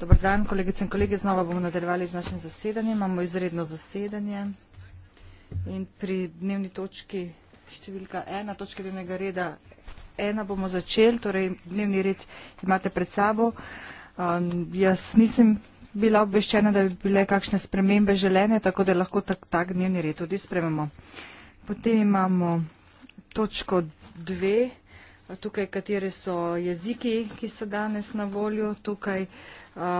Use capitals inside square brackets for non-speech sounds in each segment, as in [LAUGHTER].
Dobar dan, kolegice in kolegi, znova bomo nadaljevali z našim zasedanjem. Imamo izredno zasedanje in pri dnevni točki številka ena, točke dnevnega reda ena bomo začeli, torej dnevni red imate pred sabo. Um, jaz nisem bila obveščena, da bi bile kakšne spremembe želene, tako da lahko tak, tak dnevni red tudi sprememo. Potem imamo točko dve, tukaj kateri so jeziki, ki so danes na volju. Tukaj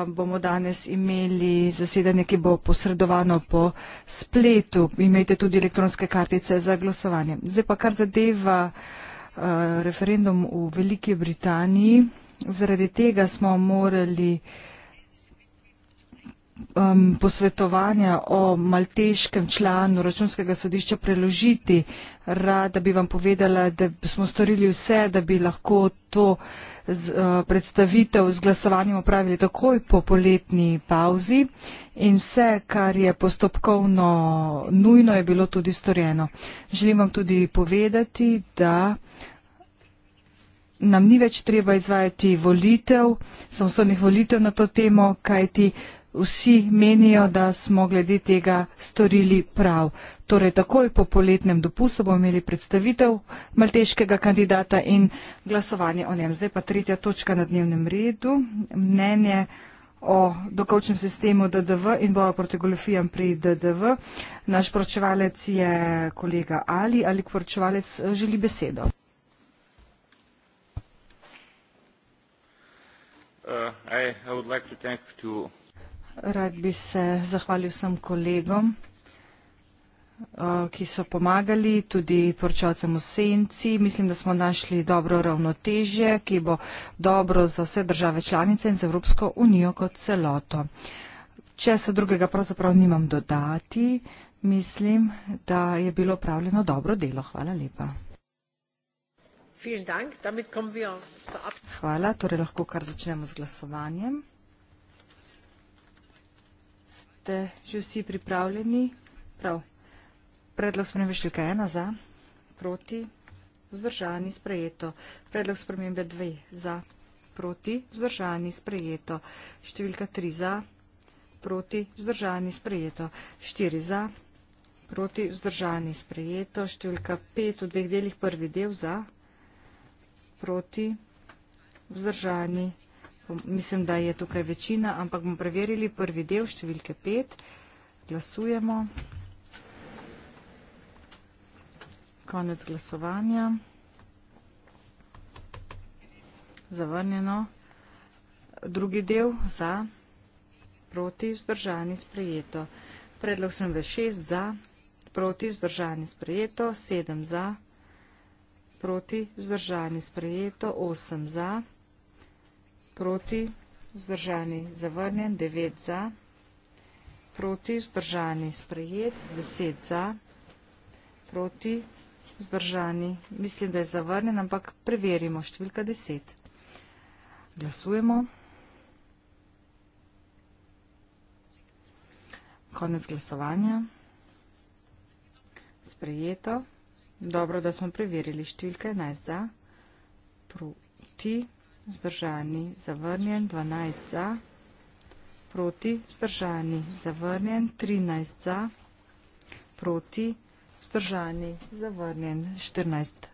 bomo danes imeli zasedanje, ki bo posredovano po spletu. Imejte tudi elektronske kartice za glasovanje. Zdaj pa kar zadeva referendum v Veliki Britaniji. Zaradi tega smo morali um, posvetovanja o malteškem članu računskega sodišča preložiti, rada bi vam povedala, da smo storili vse, da bi lahko to z, uh, predstavitev z glasovanjem opravili takoj po poletni pauzi in vse, kar je postopkovno nujno, je bilo tudi storjeno. Želim vam tudi povedati, da nam ni več treba izvajati volitev, samostalnih volitev na to temo, kajti vsi menijo, da smo glede tega storili prav. Torej, takoj po poletnem dopustu bomo imeli predstavitev malteškega kandidata in glasovanje o njem. Zdaj pa tretja točka na dnevnem redu. Mnenje o dokončnem sistemu DDV in boju proti goljofijam pri DDV. Naš poročevalec je kolega Ali. Ali poročevalec eh, želi besedo? Uh, I, I Rad bi se zahvalil vsem kolegom, eh, ki so pomagali, tudi poročavcem v senci. Mislim, da smo našli dobro ravnotežje, ki bo dobro za vse države članice in za Evropsko unijo kot celoto. Če se drugega pravzaprav nimam dodati, mislim, da je bilo upravljeno dobro delo. Hvala lepa. Hvala, torej lahko kar začnemo z glasovanjem ste že vsi pripravljeni? Prav. Predlog spremembe številka ena za, proti, vzdržani, sprejeto. Predlog spremembe dve za, proti, vzdržani, sprejeto. Številka tri za, proti, vzdržani, sprejeto. Štiri za, proti, vzdržani, sprejeto. Številka pet v dveh delih prvi del za, proti, vzdržani, sprejeto. Mislim, da je tukaj večina, ampak bomo preverili prvi del številke 5. Glasujemo. Konec glasovanja. Zavrnjeno. Drugi del za. Proti vzdržani sprejeto. Predlog smo bili 6 za. Proti vzdržani sprejeto. 7 za. Proti vzdržani sprejeto. 8 za proti, vzdržani, zavrnjen, 9 za, proti, vzdržani, sprejet, 10 za, proti, vzdržani, mislim, da je zavrnjen, ampak preverimo, številka 10. Glasujemo. Konec glasovanja. Sprejeto. Dobro, da smo preverili številka 11 za, proti, vzdržani, vzdržani, zavrnjen, 12 za, proti, vzdržani, zavrnjen, 13 za, proti, vzdržani, zavrnjen, 14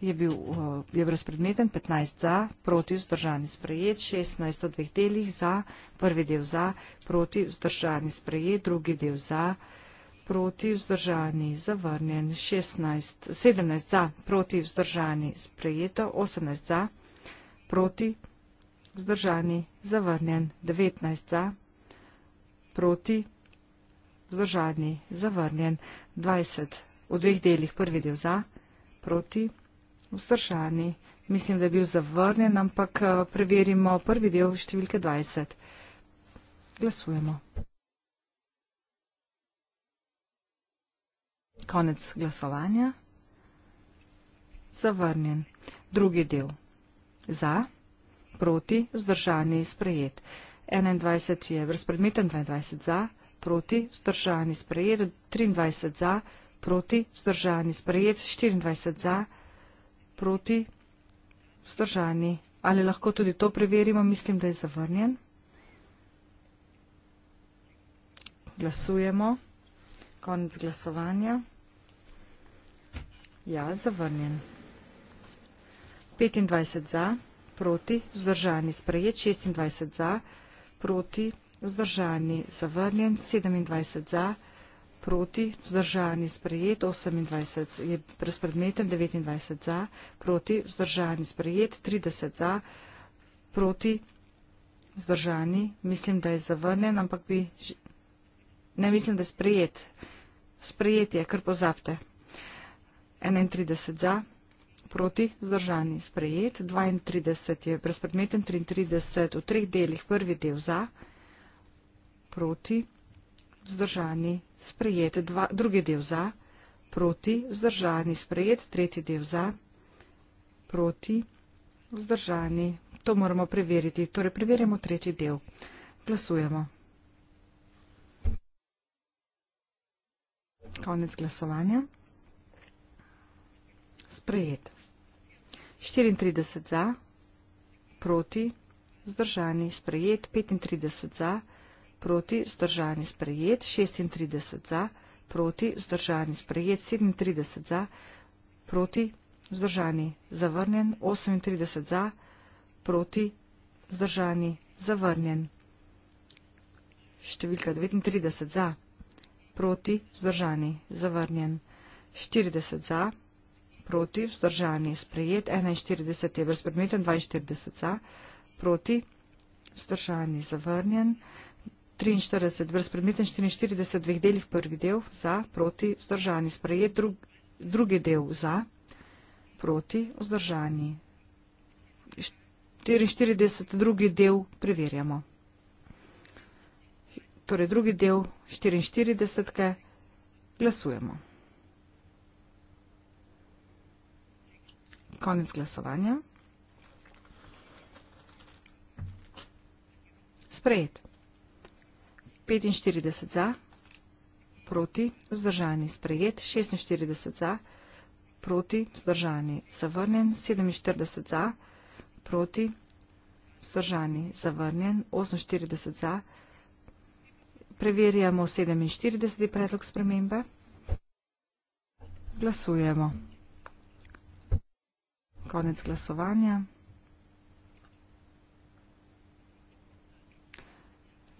je bil eh, je brezpredmeten, 15 za, proti, vzdržani, sprejet, 16 v dveh delih za, prvi del za, proti, vzdržani, sprejet, drugi del za, proti, vzdržani, zavrnjen, 16, 17 za, proti, vzdržani, sprejeto, 18 za, proti, vzdržani, zavrnjen, 19 za, proti, vzdržani, zavrnjen, 20 v dveh delih, prvi del za, proti, vzdržani, mislim, da je bil zavrnjen, ampak eh, preverimo prvi del številke 20. Glasujemo. Konec glasovanja. Zavrnjen. Drugi del za, proti, vzdržani, sprejet. 21 je brezpredmeten, 22 za, proti, vzdržani, sprejet, 23 za, proti, vzdržani, sprejet, 24 za, proti, vzdržani. Ali lahko tudi to preverimo? Mislim, da je zavrnjen. Glasujemo. Konec glasovanja. Ja, zavrnjen. 25 za, proti, vzdržani, sprejet, 26 za, proti, vzdržani, zavrnjen, 27 za, proti, vzdržani, sprejet, 28 je brezpredmeten, 29 za, proti, vzdržani, sprejet, 30 za, proti, vzdržani, mislim, da je zavrnjen, ampak bi, ne mislim, da je sprejet, sprejet je, kar pozabite, 31 za, proti zdržani sprejet, 32 je brezpredmeten, 33 v treh delih, prvi del za, proti zdržani sprejet, dva, drugi del za, proti zdržani sprejet, tretji del za, proti vzdržani. To moramo preveriti. Torej, preverjamo tretji del. Glasujemo. Konec glasovanja. Sprejet. 34 za, proti, zdržani, sprejet, 35 za, proti, zdržani, sprejet, 36 za, proti, zdržani, sprejet, 37 za, proti, zdržani, zavrnjen, 38 za, proti, zdržani, zavrnjen. Številka 39 za, proti, zdržani, zavrnjen. 40 za, proti, zdržani, zavrnjen proti, vzdržani, sprejet, 41 je brezpredmeten, 42 za, proti, vzdržani, zavrnjen, 43 brezpredmeten, 44 dveh delih prvi del, za, proti, vzdržani, sprejet, drug, drugi del za, proti, vzdržani. 44 drugi del preverjamo. Torej drugi del 44 glasujemo. konec glasovanja. Sprejet. 45 za, proti, vzdržani. Sprejet. 46 za, proti, vzdržani. Zavrnjen. 47 za, proti, vzdržani. Zavrnjen. 48 za. Preverjamo 47. predlog spremembe. Glasujemo konec glasovanja.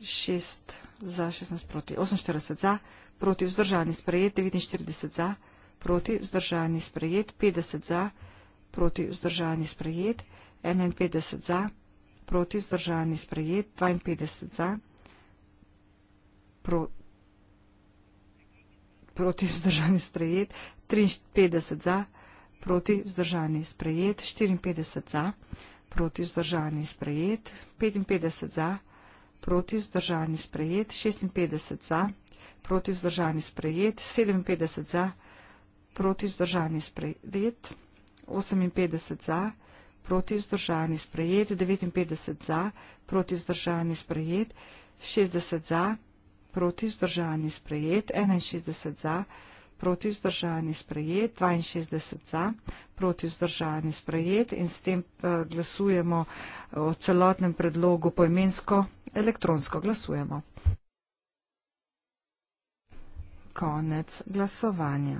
Šest za, šestnaest proti, oseminštirideset za, proti vzdržani sprejet, devetinštirideset za, proti vzdržani sprejet, petdeset za, proti vzdržani sprejet, enainpetdeset za, proti vzdržani sprejet, dvainpetdeset za, pro, proti vzdržani sprejet, triinpetdeset za, proti vzdržani sprejet, 54 za, proti vzdržani sprejet, 55 za, proti vzdržani sprejet, 56 za, proti vzdržani sprejet, 57 za, proti vzdržani sprejet, 58 za, proti vzdržani sprejet, 59 za, proti vzdržani sprejet, 60 za, proti vzdržani sprejet, 61 za, proti vzdržani sprejet, proti vzdržajanje sprejet, 62 za, proti vzdržajanje sprejet in s tem eh, glasujemo o celotnem predlogu poimensko, elektronsko glasujemo. Konec glasovanja.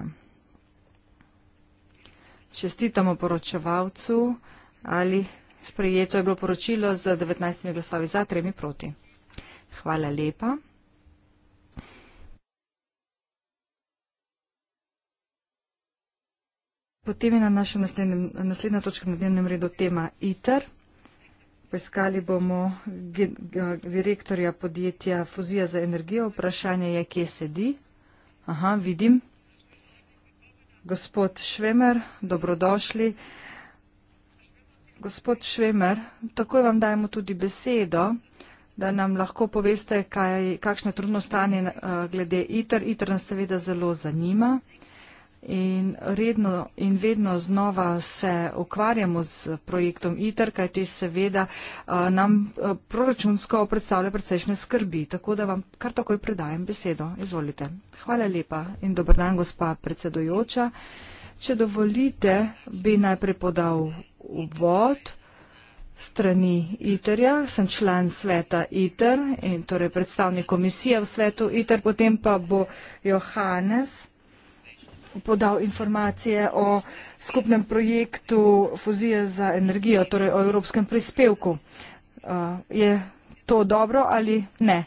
Čestitamo poročevalcu ali sprejeto je bilo poročilo z 19 glasovi za, 3 proti. Hvala lepa. potem je na našem naslednjem, naslednja točka na dnevnem redu tema ITER. Poiskali bomo direktorja podjetja Fuzija za energijo. Vprašanje je, kje sedi. Aha, vidim. Gospod Švemer, dobrodošli. Gospod Švemer, takoj vam dajemo tudi besedo, da nam lahko poveste, kaj, kakšno trudno stanje eh, glede ITER. ITER nas seveda zelo zanima. In, redno, in vedno znova se ukvarjamo z projektom ITER, kaj te seveda nam proračunsko predstavlja precejšnje skrbi. Tako da vam kar takoj predajem besedo. Izvolite. Hvala lepa in dober dan, gospa predsedojoča. Če dovolite, bi najprej podal uvod strani ITER-ja, sem član sveta ITER in torej predstavnik komisije v svetu ITER, potem pa bo Johannes podal informacije o skupnem projektu Fuzije za energijo, torej o evropskem prispevku. Eh, je to dobro ali ne?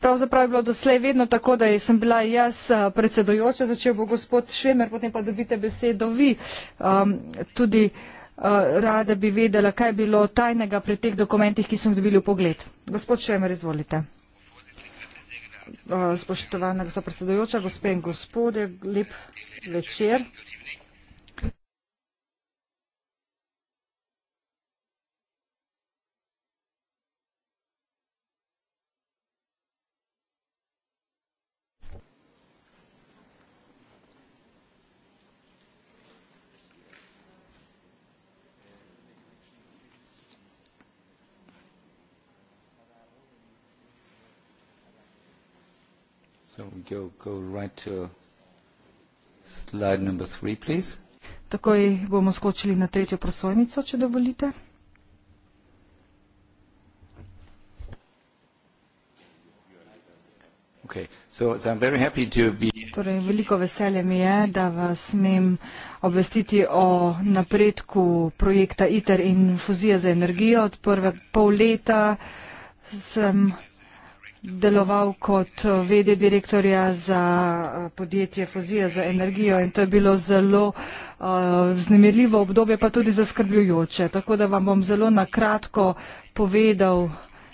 Pravzaprav je bilo doslej vedno tako, da sem bila jaz eh, predsedojoča, začel bo gospod Šemer, potem pa dobite besedo vi. Um, tudi uh, rada bi vedela, kaj je bilo tajnega pri teh dokumentih, ki smo dobili v pogled. Gospod Šemer, izvolite spoštovana gospa predsedujoča, gospe in gospode, lep večer. Takoj bomo skočili na tretjo prosojnico, če dovolite. Torej, veliko veselje mi je, da vas smem obvestiti o napredku projekta ITER in fuzija za energijo. Od prve pol leta sem deloval kot eh, vede direktorja za eh, podjetje Fozija za energijo in to je bilo zelo eh, vznemirljivo uh, obdobje, pa tudi zaskrbljujoče. Tako da vam bom zelo nakratko povedal,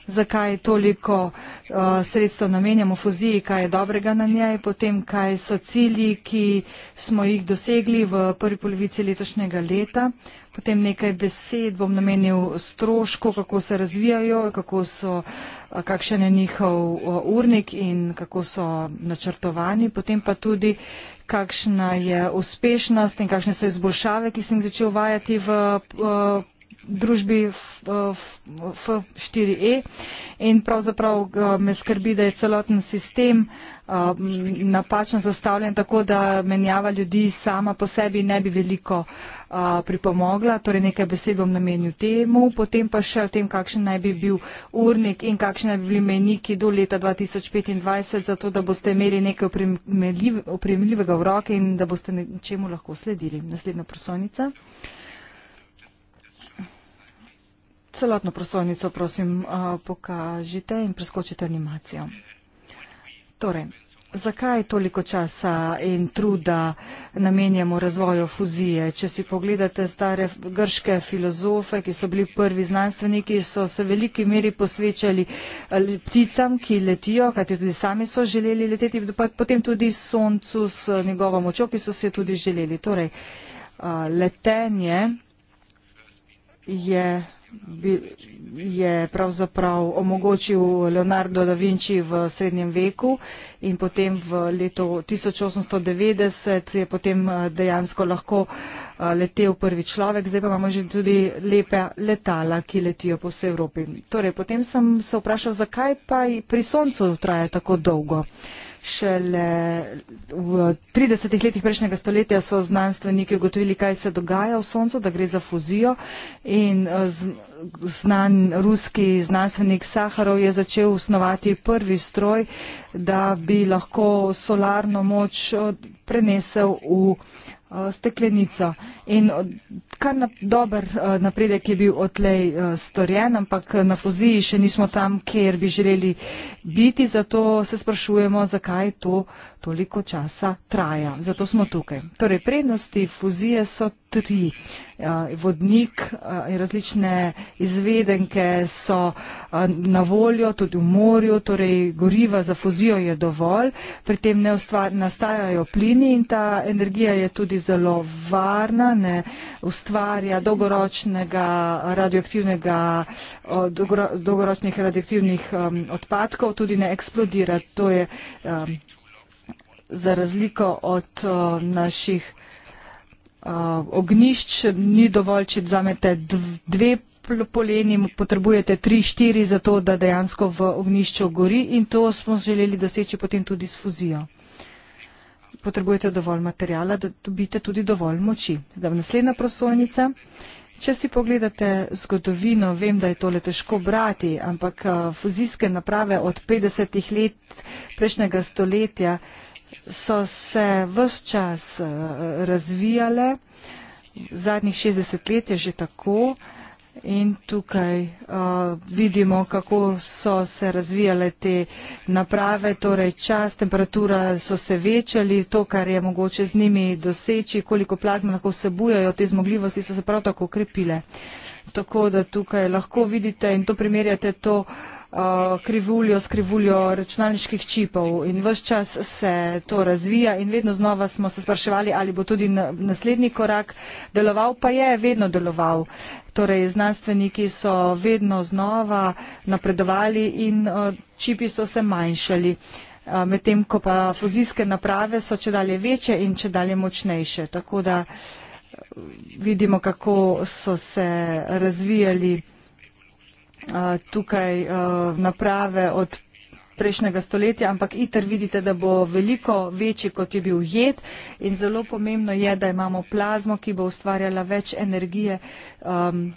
zakaj toliko uh, sredstva namenjamo fuziji, kaj je dobrega na njej, potem kaj so cilji, ki smo jih dosegli v prvi polovici letošnjega leta. Potem nekaj besed bom namenil strošku, kako se razvijajo, kako so uh, kakšen je njihov urnik in kako so načrtovani, potem pa tudi, kakšna je uspešnost in kakšne so izboljšave, ki sem jih začel vajati v družbi F4E eh, in pravzaprav eh, me skrbi, da je celoten sistem eh, napačno zastavljen tako, da menjava ljudi sama po sebi ne bi veliko pripomogla. Torej nekaj besed bom namenil temu, potem pa še o tem, kakšen naj bi bil urnik in kakšen naj bi bili meniki do leta 2025, zato da boste imeli nekaj opremljivega v roke in da boste čemu lahko sledili. Naslednja prosonica. Celotno prosojnico, prosim, eh, pokažite in preskočite animacijo. Torej, zakaj toliko časa in truda namenjamo razvoju fuzije? Če si pogledate stare grške filozofe, ki so bili prvi znanstveniki, so se v veliki meri posvečali eh, pticam, ki letijo, kajti tudi sami so želeli leteti, pa potem tudi soncu s njegovo močjo, ki so se tudi želeli. Torej, eh, letenje je bi, je pravzaprav omogočil Leonardo da Vinci v srednjem veku in potem v letu 1890 je potem eh, dejansko lahko eh, letel prvi človek. Zdaj pa imamo že tudi lepe letala, ki letijo po vsej Evropi. Torej, potem sem se vprašal, zakaj pa pri soncu traja tako dolgo. Šele v 30 letih prejšnjega stoletja so znanstveniki ugotovili, kaj se dogaja v soncu, da gre za fuzijo in eh, znan ruski znanstvenik Saharov je začel usnovati prvi stroj, da bi lahko solarno moč eh, prenesel v Eh, steklenico. In kar na, dober eh, napredek je bil odlej eh, storjen, ampak na fuziji še nismo tam, kjer bi želeli biti, zato se sprašujemo, zakaj to toliko časa traja. Zato smo tukaj. Torej, prednosti fuzije so tri. Ja, vodnik eh, in različne izvedenke so eh, na voljo tudi v morju, torej goriva za fuzijo je dovolj, pri tem ne ustvar, nastajajo plini in ta energija je tudi zelo varna, ne ustvarja dolgoročnega radioaktivnega, dolgoročnih radioaktivnih odpadkov, tudi ne eksplodira. To je za razliko od uh, naših uh, ognišč, ni dovolj, če vzamete dve poleni, potrebujete tri, štiri za to, da dejansko v ognišču gori in to smo želeli doseči potem tudi s fuzijo. Potrebujete dovolj materijala, da dobite tudi dovolj moči. Zdaj, naslednja prosojnica. Uh, Če si pogledate zgodovino, vem, da je tole težko brati, ampak eh, fuzijske naprave od 50-ih let prejšnjega stoletja so se vse čas eh, razvijale, zadnjih 60 let je že tako. In tukaj uh, vidimo, kako so se razvijale te naprave, torej čas, temperatura so se večali, to, kar je mogoče z njimi doseči, koliko plazma lahko vsebujajo, te zmogljivosti so se prav tako krepile. Tako da tukaj lahko vidite in to primerjate to. Uh, krivuljo s krivuljo računalniških čipov in vse čas se to razvija in vedno znova smo se spraševali, ali bo tudi naslednji korak deloval, pa je vedno deloval. Torej, znanstveniki so vedno znova napredovali in čipi so se manjšali. Medtem, ko pa fuzijske naprave so če dalje večje in če dalje močnejše. Tako da vidimo, kako so se razvijali tukaj naprave od prejšnjega stoletja, ampak ITER vidite, da bo veliko večji, kot je bil jed in zelo pomembno je, da imamo plazmo, ki bo ustvarjala več energije. Um,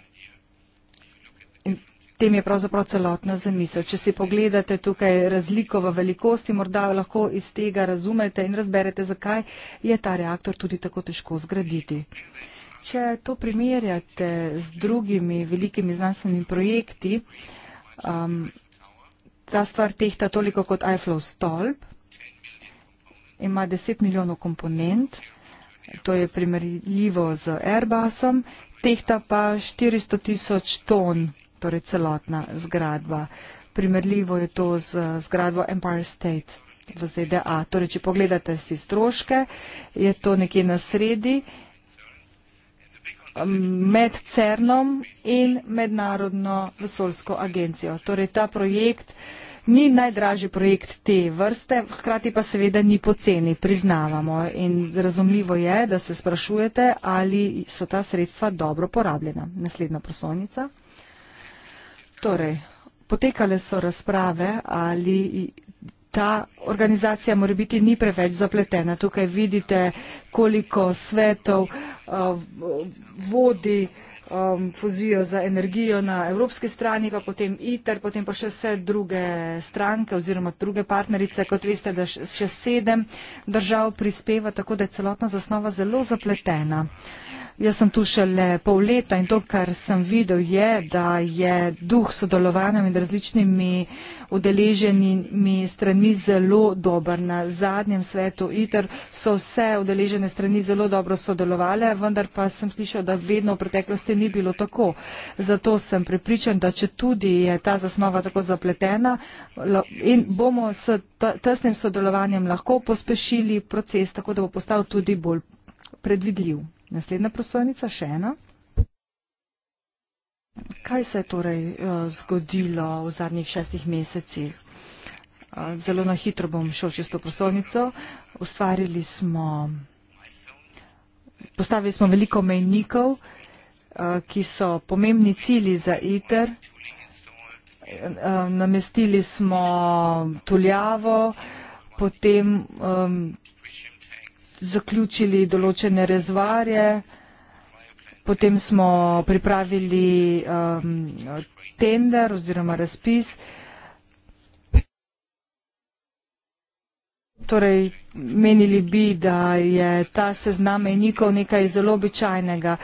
Tem je pravzaprav celotna zamisel. Če si pogledate tukaj razliko v velikosti, morda lahko iz tega razumete in razberete, zakaj je ta reaktor tudi tako težko zgraditi če to primerjate z drugimi velikimi znanstvenimi projekti, um, ta stvar tehta toliko kot iFlow stolp, ima 10 milijonov komponent, to je primerljivo z Airbusom, tehta pa 400 tisoč ton, torej celotna zgradba. Primerljivo je to z zgradbo Empire State v ZDA. Torej, če pogledate si stroške, je to nekje na sredi med CERN-om in mednarodno vesoljsko agencijo. Torej ta projekt ni najdražji projekt te vrste, hkrati pa seveda ni poceni, priznavamo. In razumljivo je, da se sprašujete, ali so ta sredstva dobro porabljena. Naslednja prosojnica. Torej, potekale so razprave, ali ta organizacija mora biti ni preveč zapletena. Tukaj vidite, koliko svetov uh, vodi um, fuzijo za energijo na evropski strani, pa potem ITER, potem pa še vse druge stranke oziroma druge partnerice. Kot veste, da še sedem držav prispeva, tako da je celotna zasnova zelo zapletena. Uh, Jaz sem tu šele pol leta in to, kar sem videl, je, da je duh sodelovanja med različnimi udeleženimi stranmi zelo dober. Na zadnjem svetu ITER so vse udeležene strani zelo dobro sodelovale, vendar pa sem slišal, da vedno v preteklosti ni bilo tako. Zato sem prepričan, da če tudi je ta zasnova tako zapletena in bomo s tesnim sodelovanjem lahko pospešili proces, tako da bo postal tudi bolj predvidljiv. Naslednja prosojnica, še ena. Kaj se je torej uh, zgodilo v zadnjih šestih mesecih? Uh, zelo na hitro bom šel čez to prosojnico. Ustvarili smo, postavili smo veliko mejnikov, uh, ki so pomembni cili za ITER. Namestili smo tuljavo, potem um, zaključili določene rezvarje, potem smo pripravili um, tender oziroma razpis. Torej, menili bi, da je ta seznam mejnikov nekaj zelo običajnega.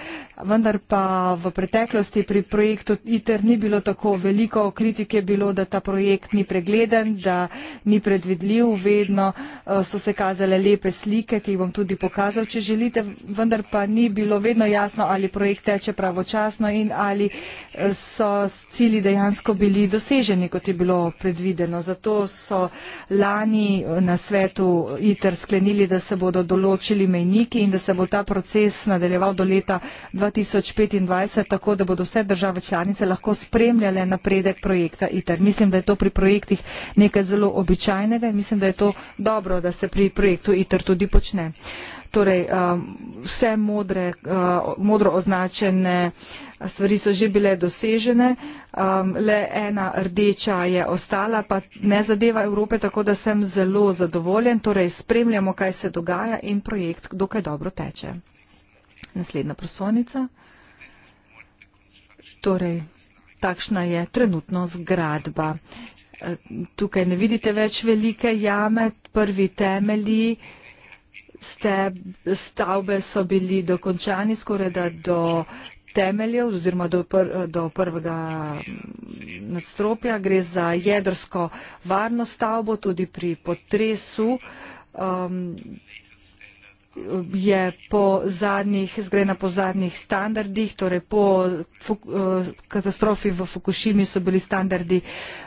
Vendar pa v preteklosti pri projektu ITER ni bilo tako veliko kritike bilo, da ta projekt ni pregleden, da ni predvidljiv. Vedno eh, so se kazale lepe slike, ki jih bom tudi pokazal, če želite. Vendar pa ni bilo vedno jasno, ali projekt teče pravočasno in ali eh, so cili dejansko bili doseženi, kot je bilo predvideno. Zato so lani eh, na svetu ITER sicer sklenili, da se bodo določili mejniki in da se bo ta proces nadaljeval do leta 2025, tako da bodo vse države članice lahko spremljale napredek projekta ITER. Mislim, da je to pri projektih nekaj zelo običajnega in mislim, da je to dobro, da se pri projektu ITER tudi počne. Torej, eh, vse modre, eh, modro označene stvari so že bile dosežene, eh, le ena rdeča je ostala, pa ne zadeva Evrope, tako da sem zelo zadovoljen. Torej, spremljamo, kaj se dogaja in projekt dokaj dobro teče. Naslednja prosonica. Torej, takšna je trenutno zgradba. Tukaj ne vidite več velike jame, prvi temelji steb, stavbe so bili dokončani skoraj da do temeljev oziroma do, pr, do prvega mm, nadstropja. Gre za jedrsko varno stavbo tudi pri potresu. Um, je po zadnjih, zgrajena po zadnjih standardih, torej po fuk, eh, katastrofi v Fukushimi so bili standardi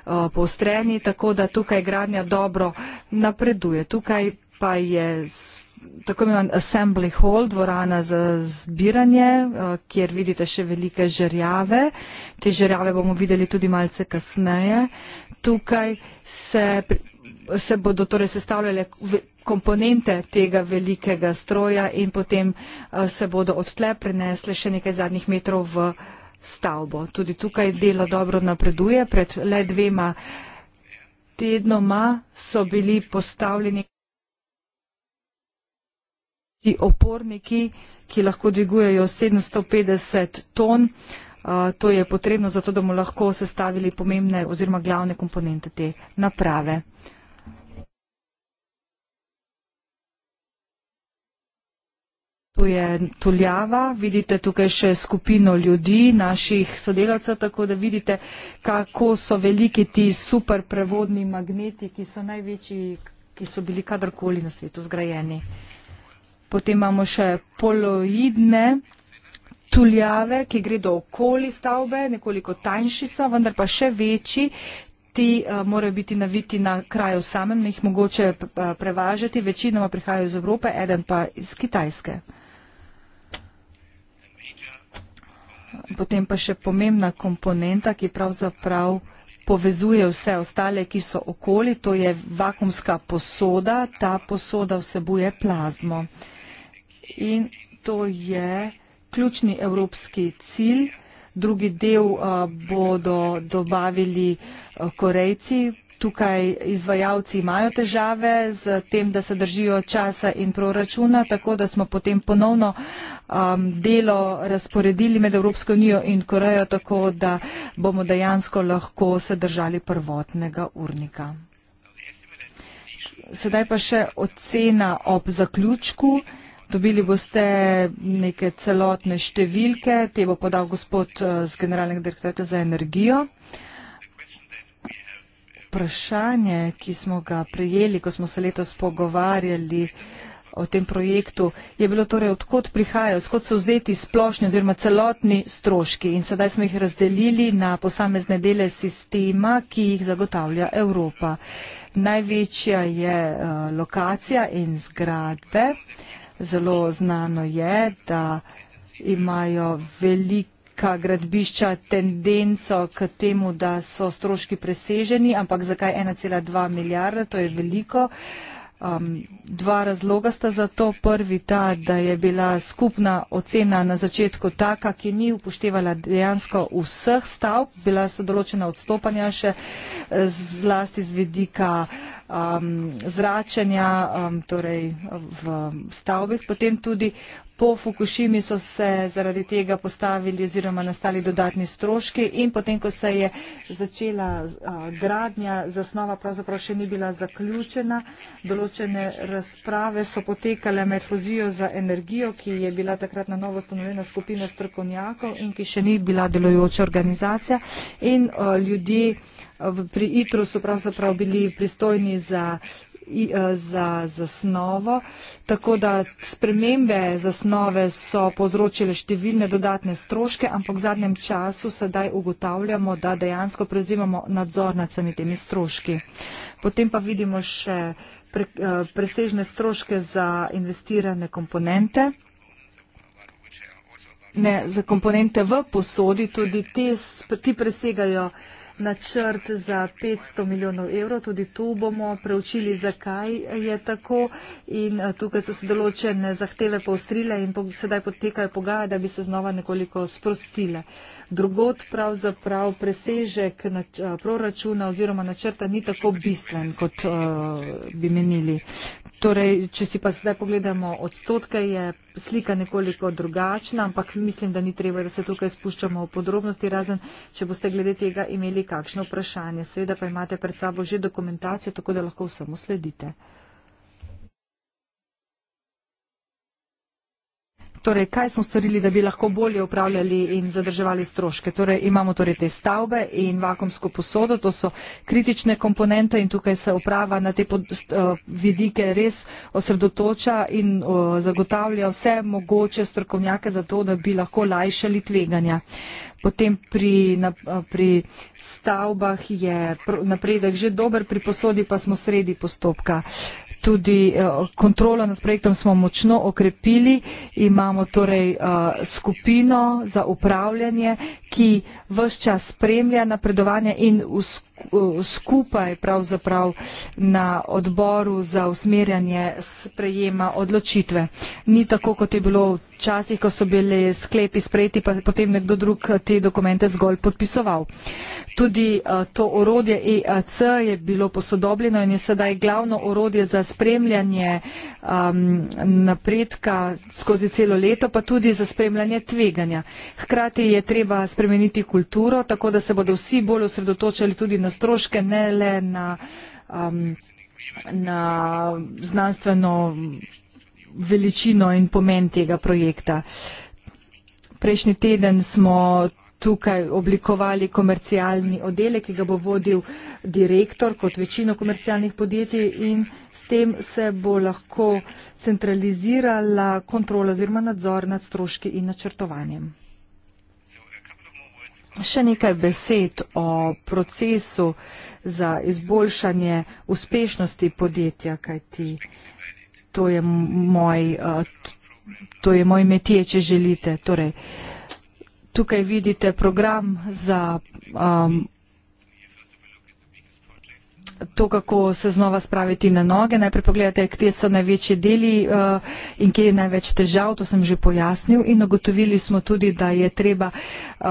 uh, poostreni, tako da tukaj gradnja dobro napreduje. Tukaj pa je tako imenovan assembly hall, dvorana za zbiranje, eh, kjer vidite še velike žerjave. Te žerjave bomo videli tudi malce kasneje. Tukaj se, se bodo torej sestavljale komponente tega velikega stroja in potem eh, se bodo od tle prenesle še nekaj zadnjih metrov v stavbo. Tudi tukaj delo dobro napreduje. Pred le dvema tednoma so bili postavljeni ti oporniki, ki lahko dvigujejo 750 ton. Uh, to je potrebno zato, da bomo lahko sestavili pomembne oziroma glavne komponente te naprave. Tu je tuljava, vidite tukaj še skupino ljudi, naših sodelavcev, tako da vidite, kako so veliki ti super prevodni magneti, ki so največji, ki so bili kadarkoli na svetu zgrajeni. Potem imamo še poloidne tuljave, ki gredo okoli stavbe, nekoliko tanjši so, vendar pa še večji. Ti uh, morajo biti naviti na kraju samem, ne jih mogoče eh, prevažati. Večinoma prihajajo iz Evrope, eden pa iz Kitajske. Potem pa še pomembna komponenta, ki pravzaprav povezuje vse ostale, ki so okoli, to je vakumska posoda. Ta posoda vsebuje plazmo. Uh, in to je ključni evropski cilj. Drugi del eh, bodo dobavili eh, Korejci. Tukaj izvajalci imajo težave z tem, da se držijo časa in proračuna, tako da smo potem ponovno um, delo razporedili med Evropsko unijo in Korejo, tako da bomo dejansko lahko se držali prvotnega urnika. Sedaj pa še ocena ob zaključku. Dobili boste neke celotne številke, te bo podal gospod eh, z generalnega direktorata za energijo. Vprašanje, ki smo ga prejeli, ko smo se letos pogovarjali o tem projektu, je bilo torej, odkot prihajajo, odkot so vzeti splošni oziroma celotni stroški. In sedaj smo jih razdelili na posamezne dele sistema, ki jih zagotavlja Evropa. Največja je eh, lokacija in zgradbe zelo znano je, da imajo velika gradbišča tendenco k temu, da so stroški preseženi, ampak zakaj 1,2 milijarde, to je veliko. Um, dva razloga sta za to. Prvi ta, da je bila skupna ocena na začetku taka, ki ni upoštevala dejansko vseh stavb, bila so določena odstopanja še eh, zlasti z vidika uh, um, zračenja um, torej v stavbih. Potem tudi po Fukushimi so se zaradi tega postavili oziroma nastali dodatni stroški in potem, ko se je začela uh, gradnja, zasnova pravzaprav še ni bila zaključena. Določene razprave so potekale med fuzijo za energijo, ki je bila takrat na novo ustanovljena skupina strkovnjakov in ki še ni bila delojoča organizacija in uh, ljudje pri ITRU so pravzaprav bili pristojni za, eh, za zasnovo, tako da spremembe zasnove so povzročile številne dodatne stroške, ampak v zadnjem času sedaj ugotavljamo, da dejansko prevzimamo nadzor nad samimi temi stroški. Potem pa vidimo še pre, eh, presežne stroške za investirane komponente. Ne, za komponente v posodi, tudi te, ti presegajo uh, načrt za 500 milijonov evrov. Tudi tu bomo preučili, zakaj je tako. In eh, tukaj so se določene zahteve poostrile in sedaj potekajo pogaja, da bi se znova nekoliko sprostile. Drugod pravzaprav presežek eh, proračuna oziroma načrta ni tako bistven, kot uh, bi menili. Torej, če si pa zdaj pogledamo odstotke, je slika nekoliko drugačna, ampak mislim, da ni treba, da se tukaj spuščamo v podrobnosti, razen če boste glede tega imeli kakšno vprašanje. Seveda pa imate pred sabo že dokumentacijo, tako da lahko vsemu sledite. Torej, kaj smo storili, da bi lahko bolje upravljali in zadrževali stroške? Torej, imamo torej te stavbe in vakumsko posodo, to so kritične komponente in tukaj se uprava na te pod, uh, vidike res osredotoča in uh, zagotavlja vse mogoče strokovnjake za to, da bi lahko lajšali tveganja. Uh, Potem pri, na, pri stavbah je napredek že dober, pri posodi pa smo sredi postopka. Tudi eh, kontrolo nad projektom smo močno okrepili, imamo torej eh, skupino za upravljanje, ki vse čas spremlja napredovanje in uskušanje skupaj pravzaprav na odboru za usmerjanje sprejema odločitve. Ni tako, kot je bilo včasih, ko so bili sklepi sprejeti, pa potem nekdo drug te dokumente zgolj podpisoval. Tudi eh, to orodje EAC je bilo posodobljeno in je sedaj glavno orodje za spremljanje um, napredka skozi celo leto, pa tudi za spremljanje tveganja. Hkrati je treba spremeniti kulturo, tako da se bodo vsi bolj osredotočali tudi na stroške, ne le na, um, na znanstveno veličino in pomen tega projekta. Prejšnji teden smo tukaj oblikovali komercialni oddelek, ki ga bo vodil direktor, kot večino komercialnih podjetij in s tem se bo lahko centralizirala kontrola oziroma nadzor nad stroški in načrtovanjem še nekaj besed o procesu za izboljšanje uspešnosti podjetja, kaj ti to je moj, eh, to je moj metje, če želite. Torej, tukaj vidite program za um, to, kako se znova spraviti na noge. Najprej pogledate, kje so največji deli uh, in kje je največ težav, to sem že pojasnil. In ogotovili smo tudi, da je treba uh,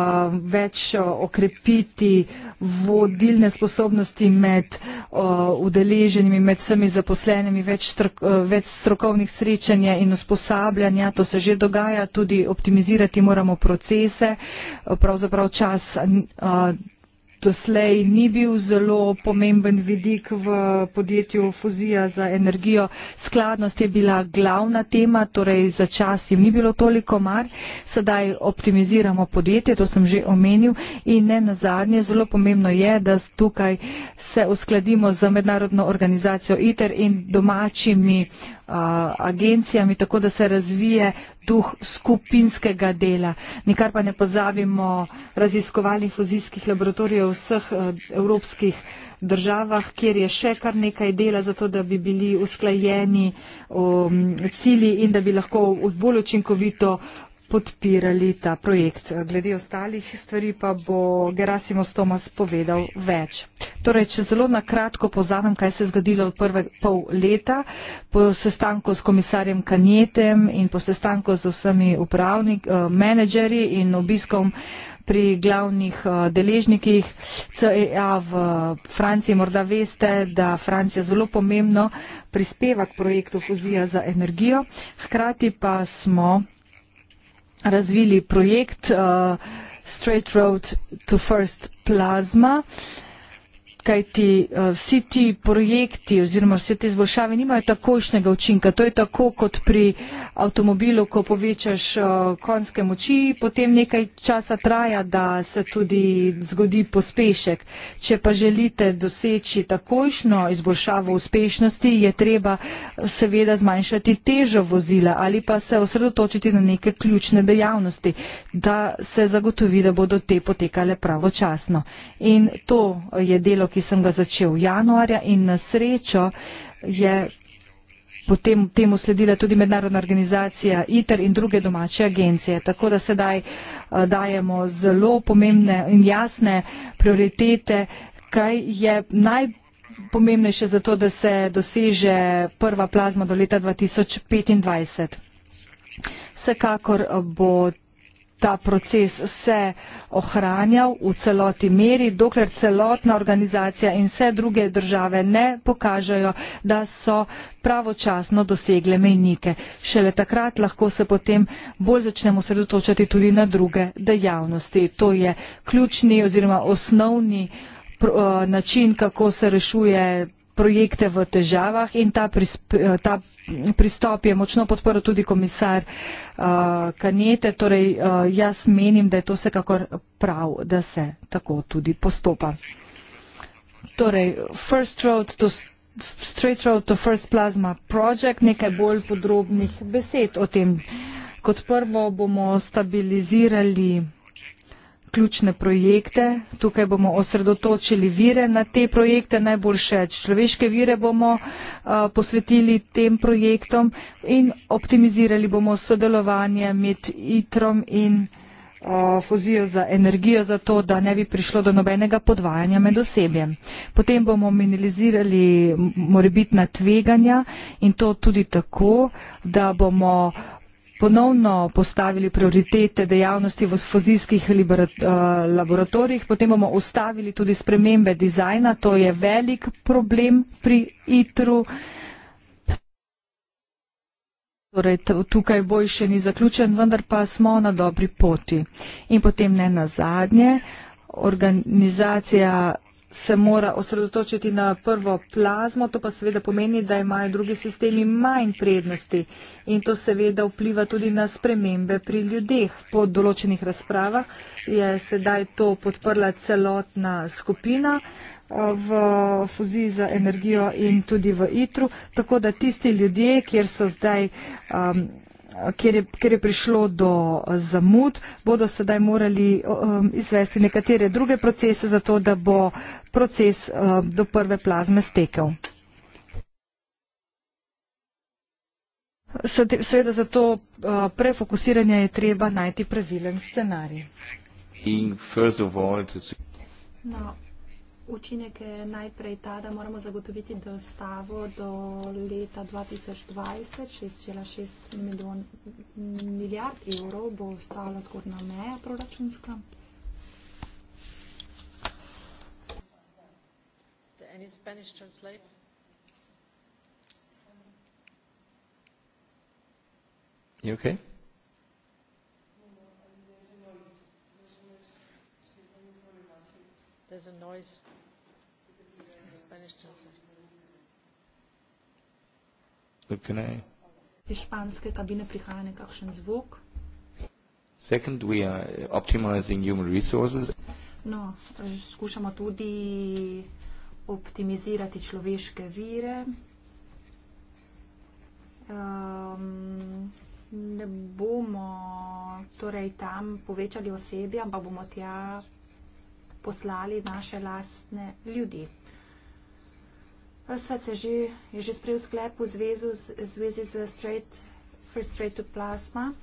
več eh, okrepiti vodilne sposobnosti med uh, udeleženimi, med vsemi zaposlenimi, več, strok, uh, več strokovnih srečanj in usposabljanja. To se že dogaja, tudi optimizirati moramo procese, uh, pravzaprav čas. Uh, doslej ni bil zelo pomemben vidik v podjetju Fuzija za energijo. Skladnost je bila glavna tema, torej za čas jim ni bilo toliko mar. Sedaj optimiziramo podjetje, to sem že omenil. In ne na zadnje, zelo pomembno je, da tukaj se uskladimo z mednarodno organizacijo ITER in domačimi agencijami, tako da se razvije duh skupinskega dela. Nikar pa ne pozabimo raziskovalnih fuzijskih laboratorijev v vseh eh, evropskih državah, kjer je še kar nekaj dela za to, da bi bili usklajeni um, cilji in da bi lahko bolj učinkovito uh, podpirali ta projekt. Glede ostalih stvari pa bo Gerasimos Tomas povedal več. Torej, če zelo na kratko pozamem, kaj se je zgodilo od prve pol leta, po sestanku s komisarjem Kanjetem in po sestanku z vsemi upravniki, eh, menedžeri in obiskom pri glavnih eh, deležnikih CEA v Franciji. Morda veste, da Francija zelo pomembno prispeva k projektu fuzija za energijo. Hkrati pa smo razvili projekt uh, Straight Road to First Plasma. Uh, kajti eh, vsi ti projekti oziroma vse te izboljšave nimajo takošnega učinka. To je tako kot pri avtomobilu, ko povečaš eh, konske moči, potem nekaj časa traja, da se tudi zgodi pospešek. Če pa želite doseči takošno izboljšavo uspešnosti, je treba eh, seveda zmanjšati težo vozila ali pa se osredotočiti na neke ključne dejavnosti, da se zagotovi, da bodo te potekale pravočasno. In to je delo ki sem ga začel januarja in na srečo je potem temu sledila tudi mednarodna organizacija ITER in druge domače agencije. Tako da sedaj eh, dajemo zelo pomembne in jasne prioritete, kaj je najpomembnejše za to, da se doseže prva plazma do leta 2025. Vsekakor bo ta proces se ohranjal v celoti meri, dokler celotna organizacija in vse druge države ne pokažejo, da so pravočasno dosegle mejnike. Šele takrat lahko se potem bolj začnemo sredotočati tudi na druge dejavnosti. To je ključni oziroma osnovni eh, način, kako se rešuje projekte v težavah in ta, prispe, eh, ta pristop je močno podporil tudi komisar uh, eh, Kanjete. Torej, uh, jaz menim, da je to vsekakor prav, da se tako tudi postopa. Torej, first road to straight road to first plasma project, nekaj bolj podrobnih besed o tem. Kot prvo bomo stabilizirali ključne projekte. Tukaj bomo osredotočili vire na te projekte, najboljše človeške vire bomo uh, posvetili tem projektom in optimizirali bomo sodelovanje med ITROM in uh, fuzijo za energijo, zato da ne bi prišlo do nobenega podvajanja med osebjem. Potem bomo minimalizirali morebitna tveganja in to tudi tako, da bomo ponovno postavili prioritete dejavnosti v fuzijskih eh, laboratorijih, potem bomo ustavili tudi spremembe dizajna, to je velik problem pri ITRU. Torej, tukaj boj še ni zaključen, vendar pa smo na dobri poti. In potem ne na zadnje, organizacija se mora osredotočiti na prvo plazmo, to pa seveda pomeni, da imajo drugi sistemi manj prednosti in to seveda vpliva tudi na spremembe pri ljudeh. Po določenih razpravah je sedaj to podprla celotna skupina eh, v fuziji za energijo in tudi v ITRU, tako da tisti ljudje, kjer so zdaj. Um, Ker je, ker je prišlo do eh, zamud, bodo sedaj morali eh, um, izvesti nekatere druge procese, zato da bo uh, proces eh, do prve plazme stekel. Seveda za to eh, prefokusiranje je treba najti pravilen scenarij. No, učinek je najprej ta, da moramo zagotoviti dostavo do leta 2020, 6,6 milijard evrov bo ostala zgodna meja proračunska. Spanish translate. You okay? There's a noise. Spanish translate. Iz španske kabine prihaja nekakšen zvok. Second, we are optimizing human resources. No, skušamo tudi optimizirati človeške vire. Um, ne bomo torej tam povečali osebi, ampak bomo tja poslali naše lastne ljudi. Svet se že, je že sprejel sklep v zvezi z Straight, First Straight to Plasma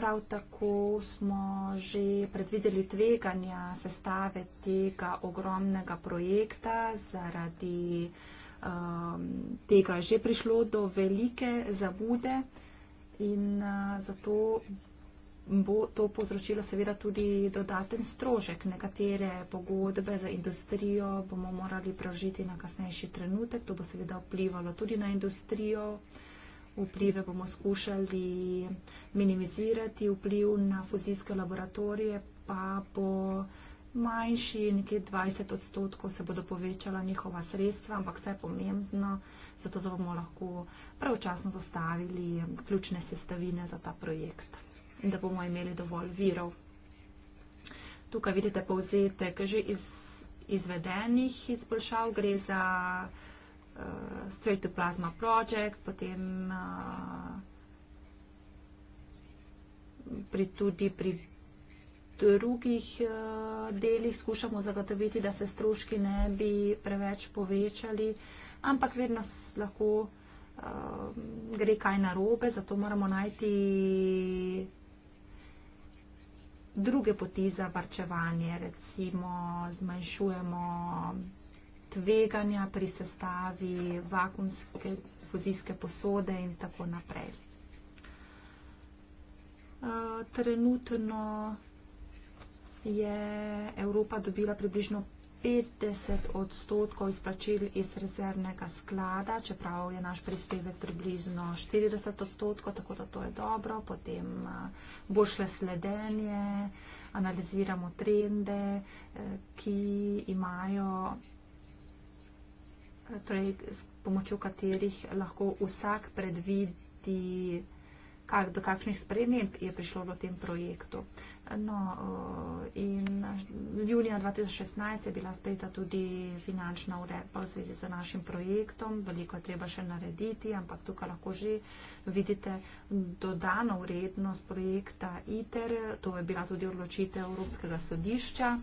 prav tako smo že predvideli tveganja sestave tega ogromnega projekta, zaradi um, tega že prišlo do velike zabude in uh, zato bo to povzročilo seveda tudi dodaten strožek. Nekatere pogodbe za industrijo bomo morali prožiti na kasnejši trenutek, to bo seveda vplivalo tudi na industrijo. Uh, vplive bomo skušali minimizirati, vpliv na fuzijske laboratorije pa bo manjši, nekje 20 odstotkov se bodo povečala njihova sredstva, ampak vse je pomembno, zato da bomo lahko pravočasno dostavili ključne sestavine za ta projekt in da bomo imeli dovolj virov. Tukaj vidite povzetek že iz izvedenih izboljšav, gre za vsega, uh, eh, Straight to Plasma Project, potem uh, pri, tudi pri drugih uh, delih skušamo zagotoviti, da se stroški ne bi preveč povečali, ampak vedno lahko uh, gre kaj narobe, zato moramo najti druge poti za varčevanje, recimo zmanjšujemo tveganja pri sestavi vakumske fuzijske posode in tako naprej. Eh, trenutno je Evropa dobila približno 50 odstotkov izplačil iz rezervnega sklada, čeprav je naš prispevek približno 40 odstotkov, tako da to je dobro. Potem eh, bo šle sledenje, analiziramo trende, eh, ki imajo torej, s pomočjo katerih lahko vsak predvidi, kak, do kakšnih sprememb je prišlo v tem projektu. No, eh, in junija 2016 je bila sprejeta tudi finančna uredba v zvezi z našim projektom. Veliko je treba še narediti, ampak tukaj lahko že vidite dodano vrednost projekta ITER. To je bila tudi odločitev Evropskega sodišča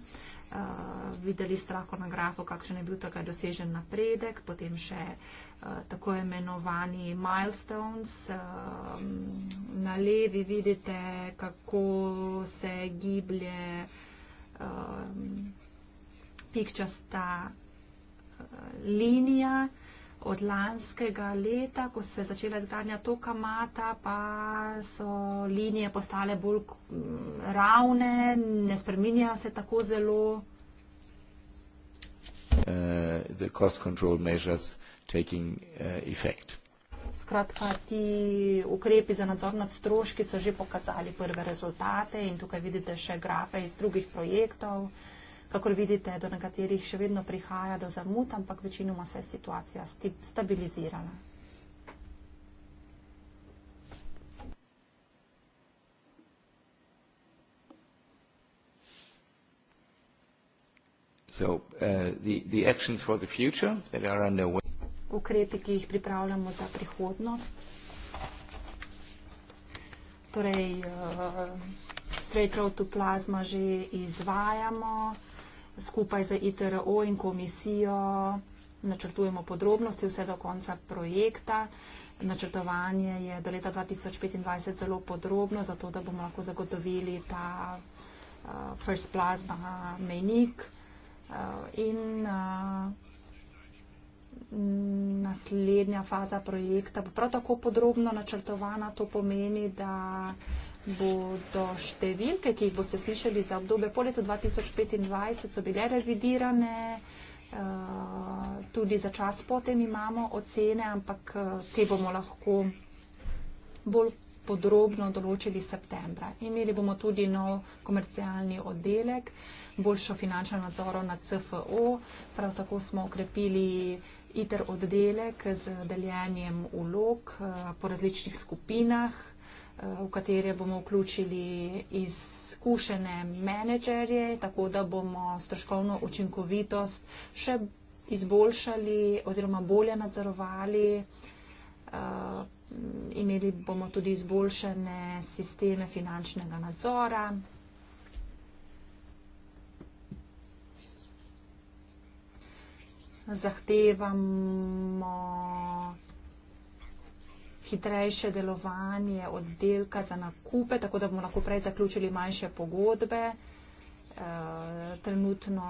uh, videli strako na grafu, kakšen je bil takrat dosežen napredek, potem še uh, tako imenovani milestones. Uh, na levi vidite, kako se giblje uh, pikčasta uh, linija od lanskega leta, ko se je začela izgradnja toka Mata, pa so linije postale bolj mm, ravne, ne spreminjajo se tako zelo. Uh, the cost control measures taking uh, effect. Skratka, ti ukrepi za nadzor nad stroški so že pokazali prve rezultate in tukaj vidite še grafe iz drugih projektov. Uh, kakor vidite, do nekaterih še vedno prihaja do zamud, ampak večinoma se je situacija stabilizirala. So, uh, the, the actions for the future that are underway. Ukrepi, ki jih pripravljamo za prihodnost. Torej, uh, straight road to plasma že izvajamo skupaj z ITRO in komisijo načrtujemo podrobnosti vse do konca projekta. Načrtovanje je do leta 2025 zelo podrobno, zato da bomo lahko zagotovili ta uh, First Plasma mejnik. Uh, in uh, naslednja faza projekta bo prav tako podrobno načrtovana. To pomeni, da uh, bodo številke, ki jih boste slišali za obdobje po letu 2025, so bile revidirane. Eh, tudi za čas potem imamo ocene, ampak eh, te bomo lahko bolj podrobno določili septembra. Imeli bomo tudi nov komercialni oddelek, boljšo finančno nadzoro na CFO, prav tako smo okrepili ITER oddelek z deljenjem ulog eh, po različnih skupinah. Eh, v katere bomo vključili izkušene menedžerje, tako da bomo stroškovno učinkovitost še izboljšali oziroma bolje nadzorovali. Eh, imeli bomo tudi izboljšene sisteme finančnega nadzora. Zahtevamo hitrejše delovanje oddelka za nakupe, tako da bomo lahko prej zaključili manjše pogodbe. Eh, trenutno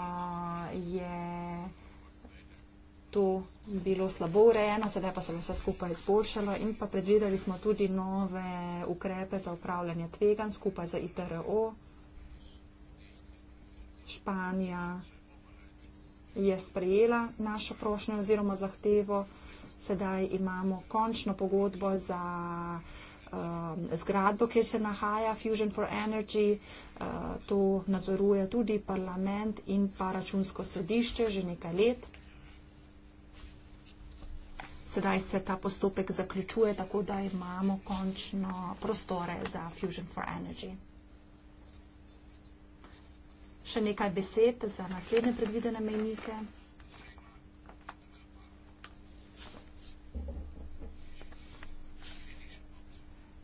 je to bilo slabo urejeno, sedaj pa se je vse skupaj izboljšalo in pa predvideli smo tudi nove ukrepe za upravljanje tvegan skupaj za ITRO. Španija je sprejela našo prošnjo oziroma zahtevo sedaj imamo končno pogodbo za um, zgradbo, kjer se nahaja Fusion for Energy. Uh, to nadzoruje tudi parlament in pa računsko sodišče že nekaj let. Sedaj se ta postopek zaključuje, tako da imamo končno prostore za Fusion for Energy. Še nekaj besed za naslednje predvidene menike.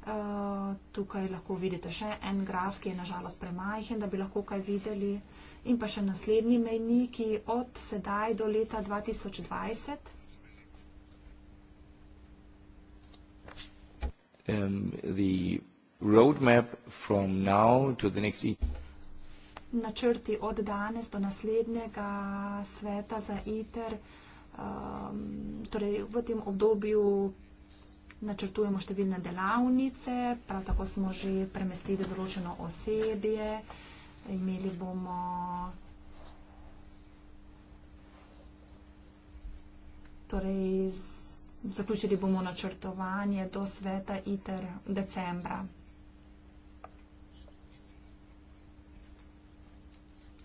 Eh, tukaj lahko vidite še en graf, ki je nažalost premajhen, da bi lahko kaj videli. In pa še naslednji mejniki od sedaj do leta 2020. Um, the roadmap from now to the next year. Načrti od danes do naslednjega sveta za ITER, um, torej v tem obdobju načrtujemo številne delavnice, prav tako smo že premestili določeno osebje, imeli bomo torej zaključili bomo načrtovanje do sveta ITER decembra.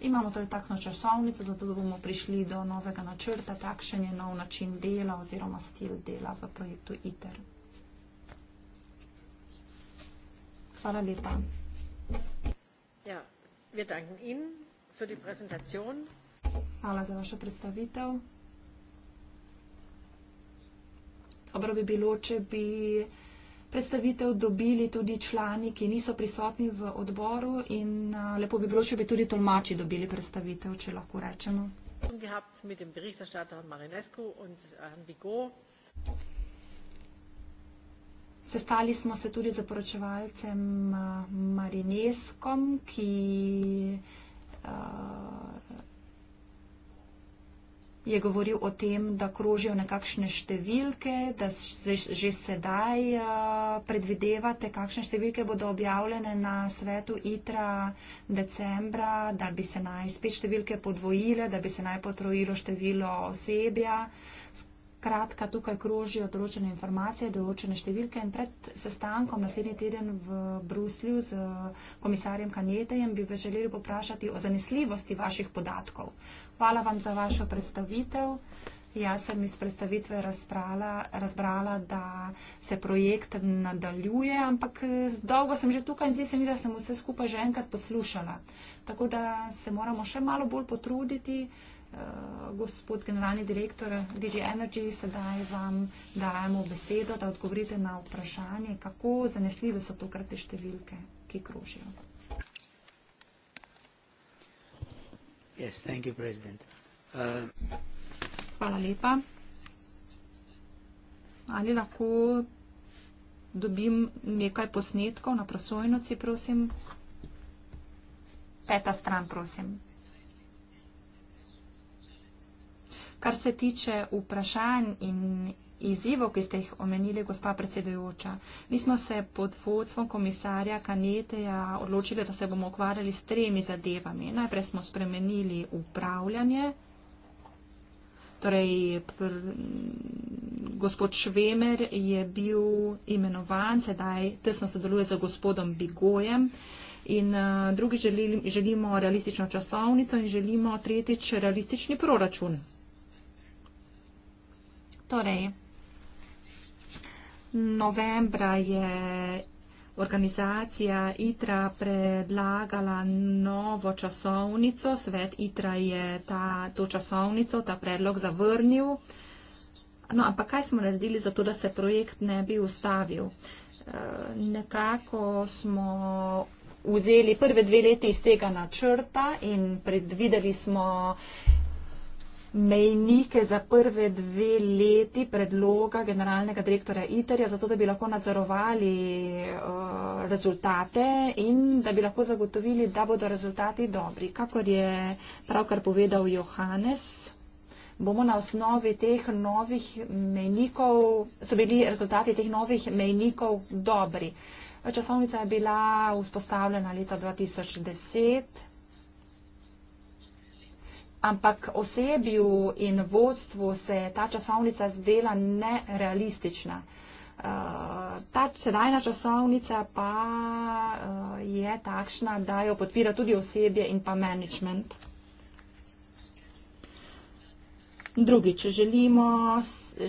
Imamo torej takšno časovnico, zato da bomo prišli do novega načrta, takšen je nov način dela oziroma stil dela v projektu ITER. Hvala lepa. Ja, wir danken Ihnen für die Präsentation. Hvala za vašo predstavitev. Dobro bi bilo, če bi predstavitev dobili tudi člani, ki niso prisotni v odboru in lepo bi bilo, če bi tudi tolmači dobili predstavitev, če lahko rečemo. Gehabt mit dem Berichterstatter Marinescu und Herrn Bigot. Sestali smo se tudi z poročevalcem eh, Marineskom, ki uh, je govoril o tem, da krožijo nekakšne številke, da se, že sedaj uh, predvidevate, kakšne številke bodo objavljene na svetu ITRA decembra, da bi se naj spet številke podvojile, da bi se naj potrojilo število osebja. Uh, Kratka, tukaj krožijo določene informacije, določene številke in pred sestankom naslednji teden v Bruslju z eh, komisarjem Kanjetejem bi vas želeli poprašati o zanesljivosti vaših podatkov. Hvala vam za vašo predstavitev. Jaz sem iz predstavitve razbrala, razbrala, da se projekt nadaljuje, ampak eh, dolgo sem že tukaj in zdi se mi, da sem vse skupaj že enkrat poslušala. Tako da se moramo še malo bolj potruditi. Eh, gospod generalni direktor DG Energy, sedaj vam dajemo besedo, da odgovorite na vprašanje, kako zanesljive so tokrat te številke, ki krožijo. Yes, thank you, president. Uh... Hvala lepa. Ali lahko dobim nekaj posnetkov na prosojnici, prosim? Peta stran, prosim. Kar se tiče vprašanj in izzivov, ki ste jih omenili, gospa predsedujoča, mi smo se pod vodstvom komisarja Kaneteja odločili, da se bomo ukvarjali s tremi zadevami. Najprej smo spremenili upravljanje. Torej, pr, gospod Švemer je bil imenovan, sedaj tesno sodeluje z gospodom Bigojem. In eh, drugi želi, želimo realistično časovnico in želimo tretjič realistični proračun. Torej, novembra je organizacija ITRA predlagala novo časovnico, svet ITRA je ta, to časovnico, ta predlog zavrnil. No, ampak kaj smo naredili za to, da se projekt ne bi ustavil? E, nekako smo vzeli prve dve leti iz tega načrta in predvideli smo mejnike za prve dve leti predloga generalnega direktorja ITER-ja, zato da bi lahko nadzorovali eh, rezultate in da bi lahko zagotovili, da bodo rezultati dobri. Kakor je pravkar povedal Johannes, bomo na osnovi teh novih mejnikov, so bili rezultati teh novih mejnikov dobri. Časovnica je bila vzpostavljena leta 2010. Ampak osebju in vodstvu se je ta časovnica zdela nerealistična. Eh, ta sedajna časovnica pa eh, je takšna, da jo podpira tudi osebje in pa management. Drugič, želimo,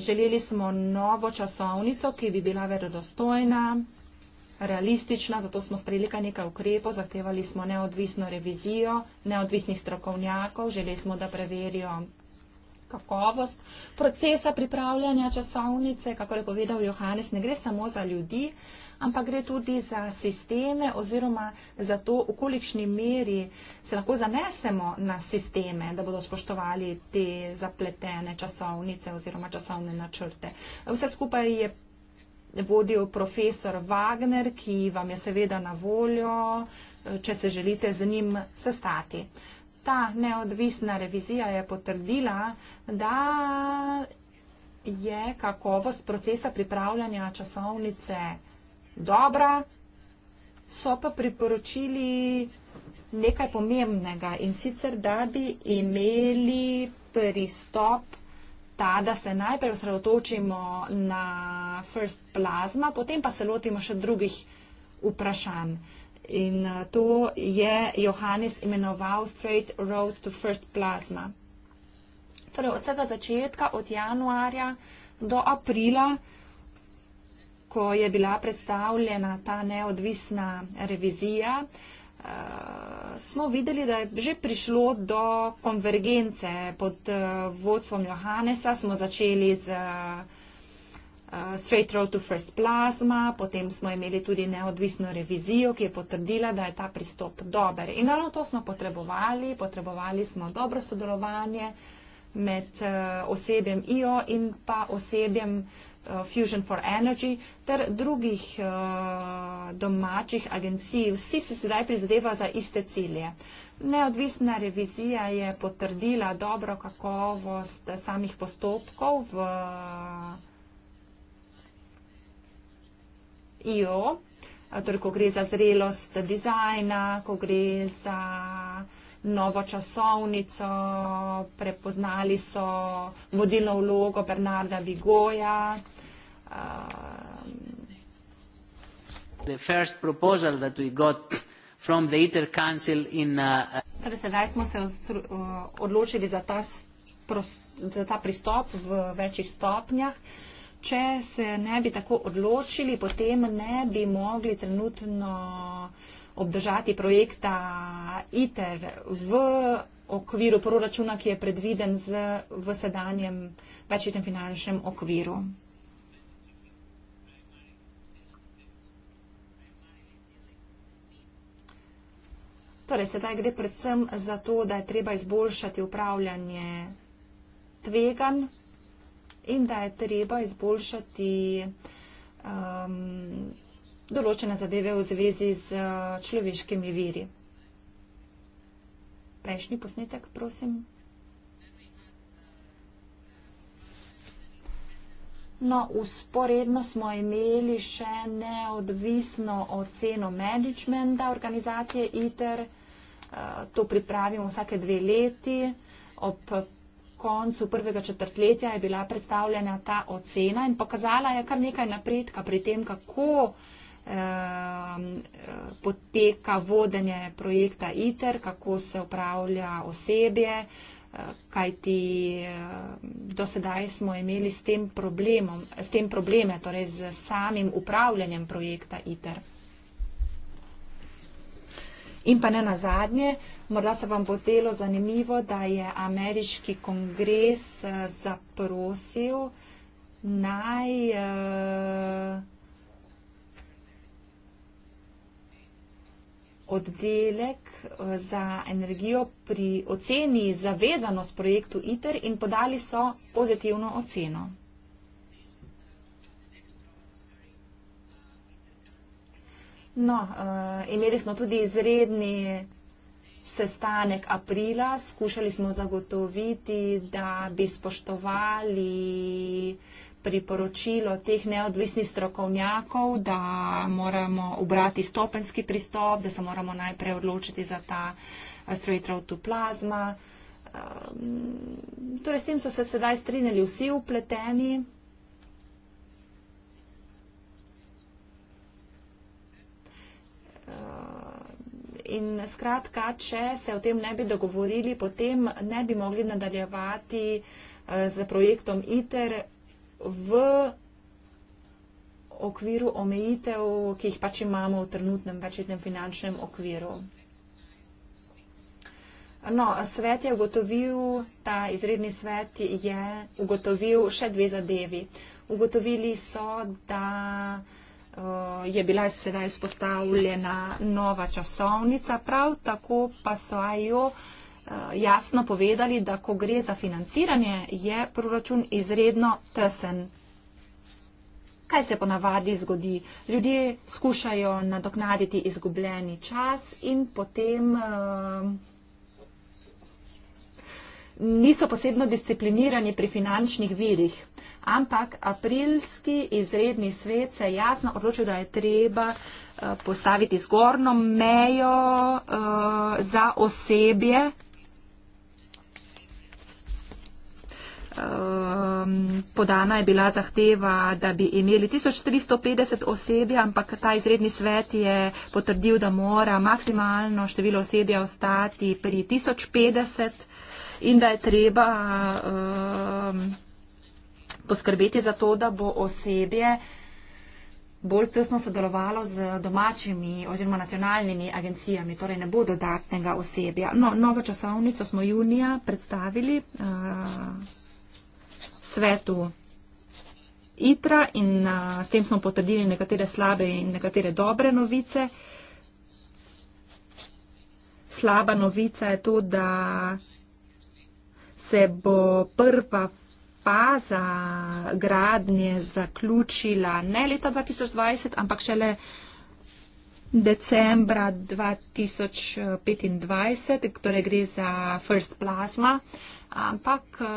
želeli smo novo časovnico, ki bi bila verodostojna, realistična, zato smo sprejeli kar nekaj ukrepov, zahtevali smo neodvisno revizijo neodvisnih strokovnjakov, želeli smo, da preverijo kakovost procesa pripravljanja časovnice, kako je povedal Johannes, ne gre samo za ljudi, ampak gre tudi za sisteme oziroma za to, v kolikšni meri se lahko zanesemo na sisteme, da bodo spoštovali te zapletene časovnice oziroma časovne načrte. Vse skupaj je vodil profesor Wagner, ki vam je seveda na voljo, eh, če se želite z njim sestati. Ta neodvisna revizija je potrdila, da je kakovost procesa pripravljanja časovnice dobra, so pa priporočili nekaj pomembnega in sicer, da bi imeli pristop ta, da se najprej osredotočimo na First Plasma, potem pa se lotimo še drugih vprašanj. In eh, to je Johannes imenoval Straight Road to First Plasma. Torej od vsega začetka, od januarja do aprila, ko je bila predstavljena ta neodvisna revizija, Eh, smo videli, da je že prišlo do konvergence pod uh, vodstvom Johannesa. Smo začeli z uh, Straight Road to First Plasma, potem smo imeli tudi neodvisno revizijo, ki je potrdila, da je ta pristop dober. In ravno to smo potrebovali, potrebovali smo dobro sodelovanje. Uh, med eh, osebjem IO in pa osebjem eh, Fusion for Energy ter drugih eh, domačih agencij. Vsi se sedaj prizadeva za iste cilje. Neodvisna revizija je potrdila dobro kakovost samih postopkov v IO, torej ko gre za zrelost dizajna, ko gre za novo časovnico, prepoznali so vodilno vlogo Bernarda Vigoja. Um, uh, torej, Sedaj smo se uh, odločili za ta, za ta pristop v večjih stopnjah. Če se ne bi tako odločili, potem ne bi mogli trenutno uh, obdržati projekta ITER v okviru proračuna, ki je predviden z, v sedanjem večjem finančnem okviru. Torej, sedaj gre predvsem za to, da je treba izboljšati upravljanje tvegan in da je treba izboljšati um, določene zadeve v zvezi z eh, človeškimi viri. Prejšnji posnetek, prosim. No, usporedno smo imeli še neodvisno oceno managementa organizacije ITER. Eh, to pripravimo vsake dve leti. Ob koncu prvega četrtletja je bila predstavljena ta ocena in pokazala je kar nekaj napredka pri tem, kako poteka vodenje projekta ITER, kako se upravlja osebje, eh, kajti eh, dosedaj smo imeli s tem, problemom, s tem probleme, torej z samim upravljanjem projekta ITER. In pa ne na zadnje, morda se vam bo zdelo zanimivo, da je ameriški kongres eh, zaprosil naj. Uh, oddelek eh, za energijo pri oceni zavezanost projektu ITER in podali so pozitivno oceno. No, eh, imeli smo tudi izredni sestanek aprila, skušali smo zagotoviti, da bi spoštovali priporočilo teh neodvisnih strokovnjakov, da moramo obrati stopenski pristop, da se moramo najprej odločiti za ta astroitrautoplazma. Eh, ehm, torej, s tem so se sedaj strinjali vsi upleteni. Ehm, in skratka, če se o tem ne bi dogovorili, potem ne bi mogli nadaljevati z eh, projektom ITER, v okviru omejitev, ki jih pač imamo v trenutnem večletnem finančnem okviru. No, svet je ugotovil, ta izredni svet je ugotovil še dve zadevi. Ugotovili so, da eh, je bila sedaj vzpostavljena nova časovnica, prav tako pa so ajo Eh, jasno povedali, da ko gre za financiranje, je proračun izredno tesen. Kaj se ponavadi zgodi? Ljudje skušajo nadoknaditi izgubljeni čas in potem uh, niso posebno disciplinirani pri finančnih virih. Ampak aprilski izredni svet se je jasno odločil, da je treba uh, postaviti zgornjo mejo uh, za osebje, um, podana je bila zahteva, da bi imeli 1350 osebi, ampak ta izredni svet je potrdil, da mora maksimalno število osebja ostati pri 1050 in da je treba um, poskrbeti za to, da bo osebje bolj tesno sodelovalo z domačimi oziroma nacionalnimi agencijami, torej ne bo dodatnega osebja. No, novo časovnico smo junija predstavili. Uh, svetu ITRA in a, s tem smo potrdili nekatere slabe in nekatere dobre novice. Slaba novica je to, da se bo prva faza gradnje zaključila ne leta 2020, ampak šele decembra 2025, torej gre za First Plasma, ampak uh,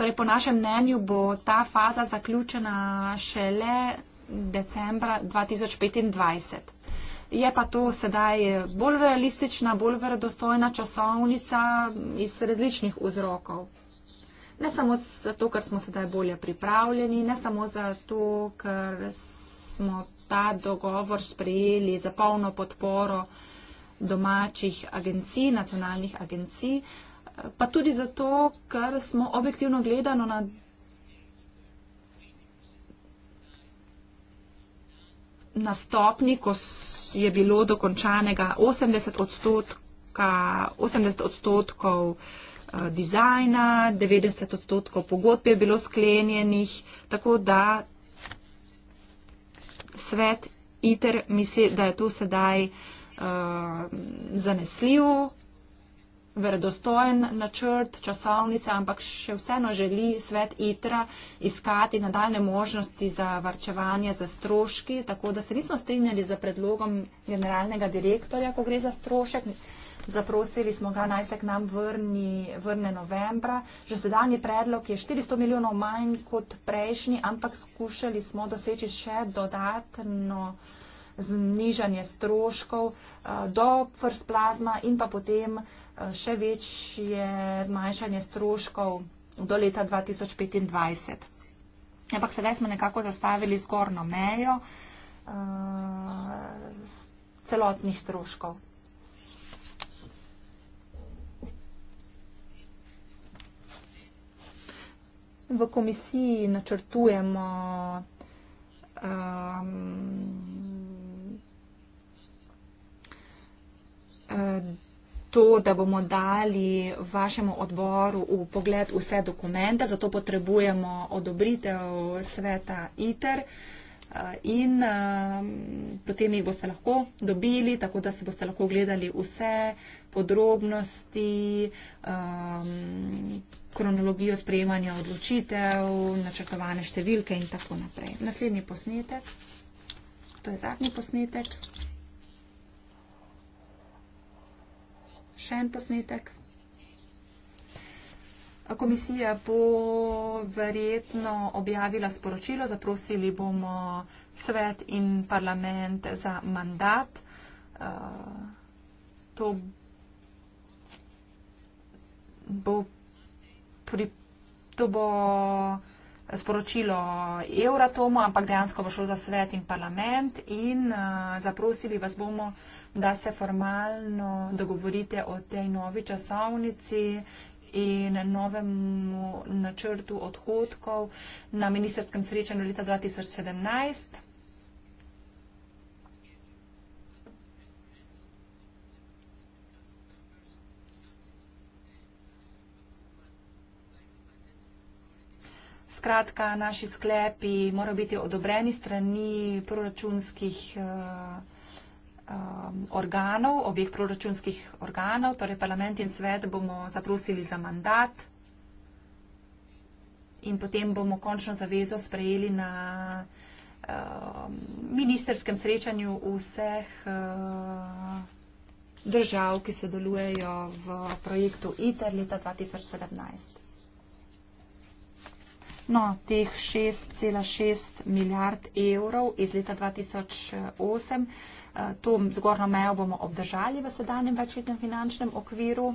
Torej, po našem mnenju bo ta faza zaključena šele decembra 2025. Je pa to sedaj bolj realistična, bolj verodostojna časovnica iz različnih vzrokov. Ne samo zato, ker smo sedaj bolje pripravljeni, ne samo zato, ker smo ta dogovor sprejeli za polno podporo domačih agencij, nacionalnih agencij, pa tudi zato, ker smo objektivno gledano na na stopni, ko je bilo dokončanega 80 odstotkov, 80 eh, odstotkov dizajna, 90 odstotkov pogodb je bilo sklenjenih, tako da svet ITER misli, da je to sedaj uh, zanesljivo verodostojen načrt časovnice, ampak še vseeno želi svet ITRA iskati nadaljne možnosti za varčevanje za stroški, tako da se nismo strinjali za predlogom generalnega direktorja, ko gre za strošek. Zaprosili smo ga, naj se k nam vrni, vrne novembra. Že sedanji predlog je 400 milijonov manj kot prejšnji, ampak skušali smo doseči še dodatno znižanje stroškov eh, do first plazma in pa potem Eh, še večje zmanjšanje stroškov do leta 2025. Ampak sedaj smo nekako zastavili zgornjo mejo uh, celotnih stroškov. V komisiji načrtujemo um, um, to, da bomo dali vašemu odboru v pogled vse dokumente, zato potrebujemo odobritev sveta ITER eh, in eh, potem jih boste lahko dobili, tako da si boste lahko gledali vse podrobnosti, eh, kronologijo sprejemanja odločitev, načrtovane številke in tako naprej. Naslednji posnetek. To je zadnji posnetek. še en posnetek. Komisija bo verjetno objavila sporočilo, zaprosili bomo svet in parlament za mandat. Eh, to bo, pri, to bo sporočilo Euratomu, ampak dejansko bo šlo za svet in parlament in eh, zaprosili vas bomo da se formalno dogovorite o tej novi časovnici in novemu načrtu odhodkov na ministerskem srečanju leta 2017. Skratka, naši sklepi morajo biti odobreni strani proračunskih uh, Um, organov, obeh proračunskih organov, torej parlament in svet, bomo zaprosili za mandat in potem bomo končno zavezo sprejeli na um, ministerskem srečanju vseh uh, držav, ki se delujejo v projektu ITER leta 2017. No, teh 6,6 milijard evrov iz leta 2008 Eh, to zgornjo mejo bomo obdržali v sedanjem večletnem finančnem okviru.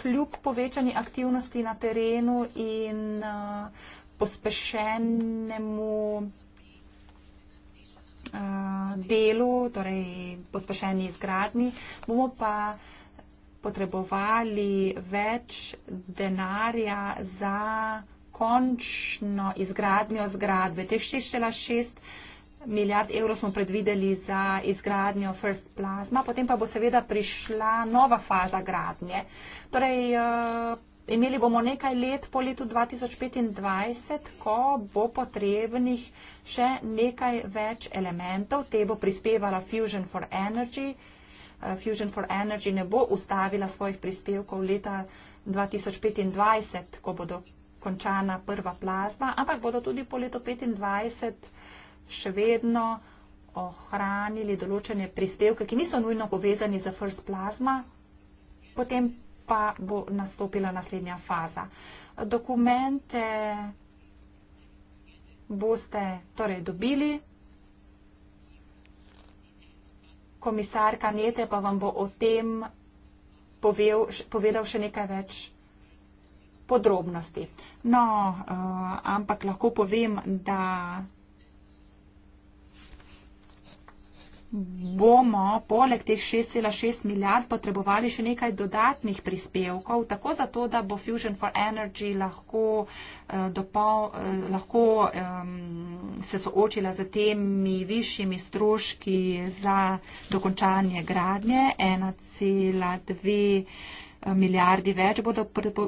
Kljub povečani aktivnosti na terenu in eh, pospešenemu eh, delu, torej pospešeni izgradni, bomo pa potrebovali več denarja za končno izgradnjo zgradbe. Te 6,6 milijona milijard evrov smo predvideli za izgradnjo First Plasma, potem pa bo seveda prišla nova faza gradnje. Torej, eh, imeli bomo nekaj let po letu 2025, ko bo potrebnih še nekaj več elementov. Te bo prispevala Fusion for Energy. Eh, Fusion for Energy ne bo ustavila svojih prispevkov leta 2025, ko bodo končana prva plazma, ampak bodo tudi po letu 2025 še vedno ohranili določene prispevke, ki niso nujno povezani za First Plasma, potem pa bo nastopila naslednja faza. Dokumente boste torej dobili, komisar Kanete pa vam bo o tem povel, povedal še nekaj več podrobnosti. No, uh, ampak lahko povem, da bomo poleg teh 6,6 milijard potrebovali še nekaj dodatnih prispevkov, tako zato, da bo Fusion for Energy lahko, eh, dopol, eh, lahko eh, se soočila z temi višjimi stroški za dokončanje gradnje. 1,2 eh, milijardi več bodo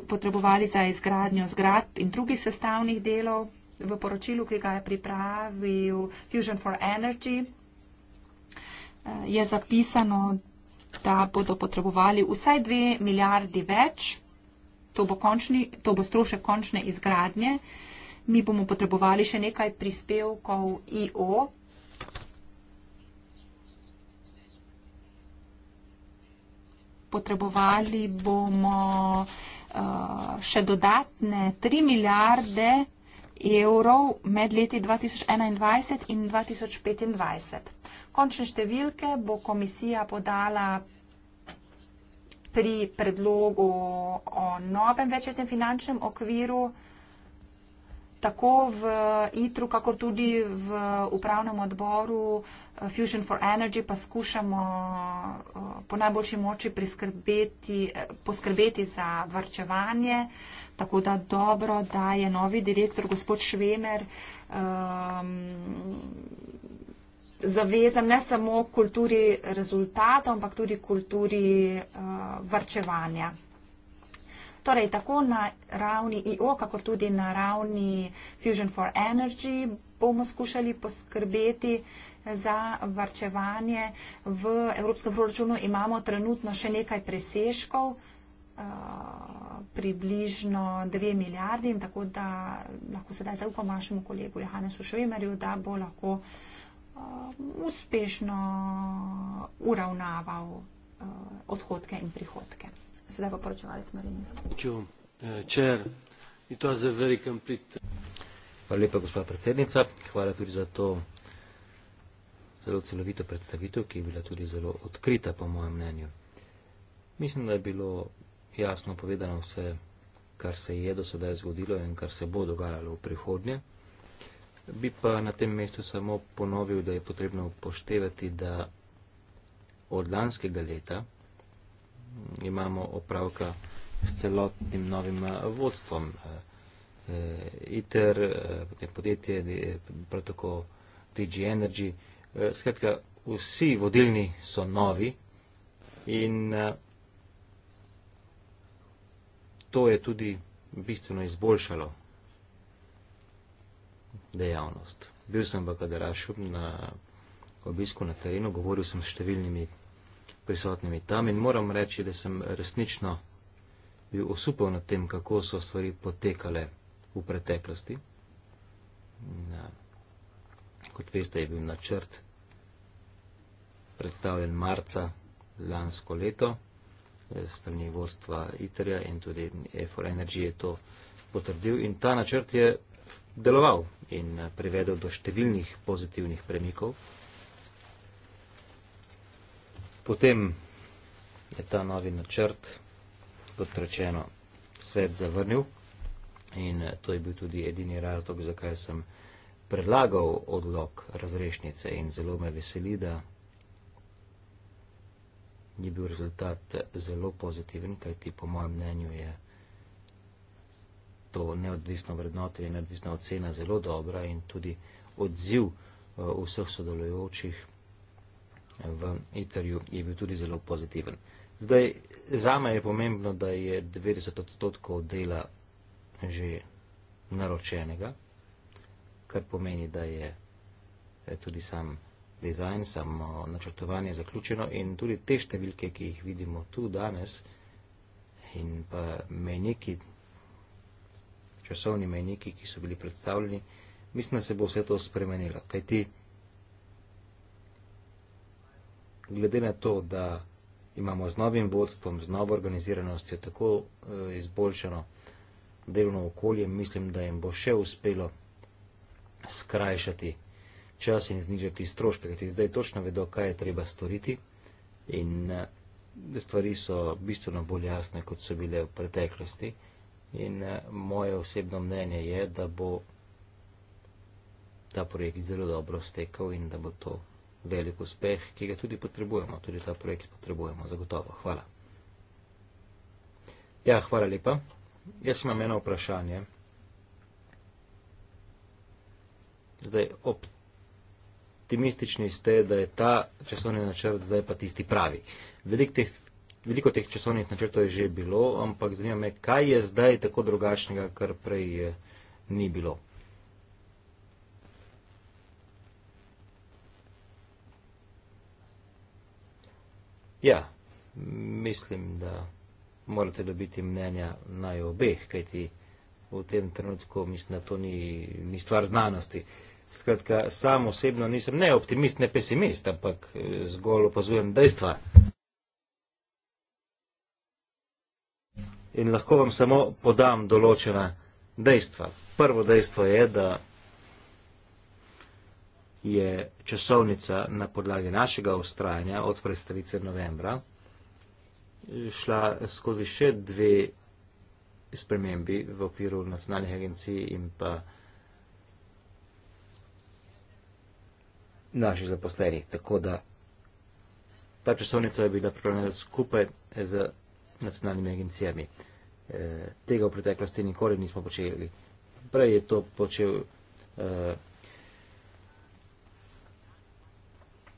potrebovali za izgradnjo zgradb in drugih sestavnih delov v poročilu, ki ga je pripravil Fusion for Energy. Eh, je zapisano, da bodo potrebovali vsaj dve milijardi več. To bo, končni, to bo strošek končne izgradnje. Mi bomo potrebovali še nekaj prispevkov IO. Potrebovali bomo uh, še dodatne 3 milijarde evrov med leti 2021 in 2025. Končne številke bo komisija podala pri predlogu o novem večjetnem finančnem okviru, tako v ITRU, kakor tudi v upravnem odboru eh, Fusion for Energy, pa skušamo eh, po najboljši moči eh, poskrbeti za vrčevanje. Tako da dobro, da je novi direktor, gospod Švemer, ehm, zavezan ne samo kulturi rezultatov, ampak tudi kulturi uh, eh, vrčevanja. Torej, tako na ravni IO, kako tudi na ravni Fusion for Energy bomo skušali poskrbeti za vrčevanje. V evropskem proračunu imamo trenutno še nekaj presežkov, uh, približno 2 milijardi in tako da lahko sedaj zaupam vašemu kolegu Johannesu Švemerju, da bo lahko uh, Um, uspešno uravnaval uh, odhodke in prihodke. Sedaj pa poročevalec Marinjska. Uh, Hvala lepa, gospod predsednica. Hvala tudi za to zelo celovito predstavitev, ki je bila tudi zelo odkrita, po mojem mnenju. Mislim, da je bilo jasno povedano vse, kar se je do sedaj zgodilo in kar se bo dogajalo v prihodnje. Bi pa na tem mestu samo ponovil, da je potrebno upoštevati, da od lanskega leta imamo opravka s celotnim novim eh, vodstvom. Eh, eh, ITER, podjetje, prav tako TG Energy, skratka, vsi vodilni so novi in to je tudi bistveno izboljšalo dejavnost. Bil sem v Kadarašu na obisku na terenu, govoril sem s številnimi prisotnimi tam in moram reči, da sem resnično bil osupel nad tem, kako so stvari potekale v preteklosti. Na, kot veste, je bil načrt predstavljen marca lansko leto eh, strani vodstva ITR-ja in tudi E4 Energy je to potrdil in ta načrt je deloval in eh, privedel do številnih pozitivnih premikov. Potem je ta novi načrt, kot rečeno, svet zavrnil in eh, to je bil tudi edini razlog, zakaj sem predlagal odlog razrešnice in zelo me veseli, da je bil rezultat eh, zelo pozitiven, kajti po mojem mnenju je to neodvisno vrednotenje, neodvisna ocena zelo dobra in tudi odziv eh, vseh sodelujočih eh, v ITER-ju je bil tudi zelo pozitiven. Zdaj, zame je pomembno, da je 90 odstotkov dela že naročenega, kar pomeni, da je eh, tudi sam dizajn, samo načrtovanje zaključeno in tudi te številke, ki jih vidimo tu danes in pa meniki časovni mejniki, ki so bili predstavljeni, mislim, da se bo vse to spremenilo. Kaj ti, glede na to, da imamo z novim vodstvom, z novo organiziranostjo tako eh, izboljšano delovno okolje, mislim, da jim bo še uspelo skrajšati čas in znižati stroške, kajti zdaj točno vedo, kaj je treba storiti in eh, stvari so bistveno bolj jasne, kot so bile v preteklosti. In eh, moje osebno mnenje je, da bo ta projekt zelo dobro stekel in da bo to velik uspeh, ki ga tudi potrebujemo. Tudi ta projekt potrebujemo, zagotovo. Hvala. Ja, hvala lepa. Jaz imam eno vprašanje. Zdaj, optimistični ste, da je ta časovni načrt zdaj pa tisti pravi. Veliko teh Veliko teh časovnih načrtov je že bilo, ampak zanima me, kaj je zdaj tako drugačnega, kar prej je, eh, ni bilo. Ja, mislim, da morate dobiti mnenja naj obeh, kajti v tem trenutku mislim, da to ni, ni stvar znanosti. Skratka, sam osebno nisem ne optimist, ne pesimist, ampak eh, zgolj opazujem dejstva. in lahko vam samo podam določena dejstva. Prvo dejstvo je, da je časovnica na podlagi našega ustrajanja od predstavice novembra šla skozi še dve spremembi v okviru nacionalnih agencij in pa naših zaposlenih. Tako da ta časovnica je bila pripravljena skupaj z nacionalnimi agencijami eh, tega v preteklosti nikoli nismo počeli. Prej je to počel eh,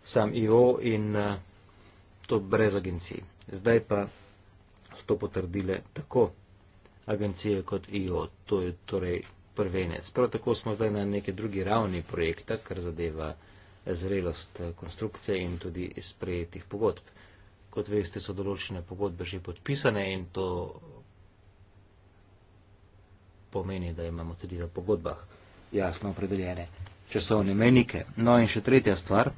sam IO in eh, to brez agencij. Zdaj pa so to potrdile tako agencije kot IO. To je torej prvenec. Prav tako smo zdaj na neki drugi ravni projekta, kar zadeva zrelost eh, konstrukcije in tudi sprejetih pogodb. Kot veste, so določene pogodbe že podpisane in to pomeni, da imamo tudi v pogodbah jasno opredeljene časovne menike. No in še tretja stvar,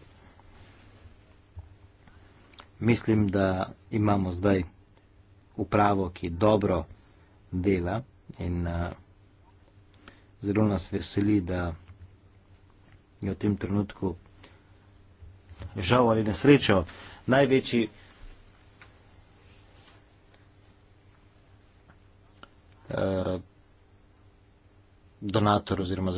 mislim, da imamo zdaj upravo, ki dobro dela in uh, zelo nas veseli, da je v tem trenutku žal ali nesrečo največji uh, donator oziroma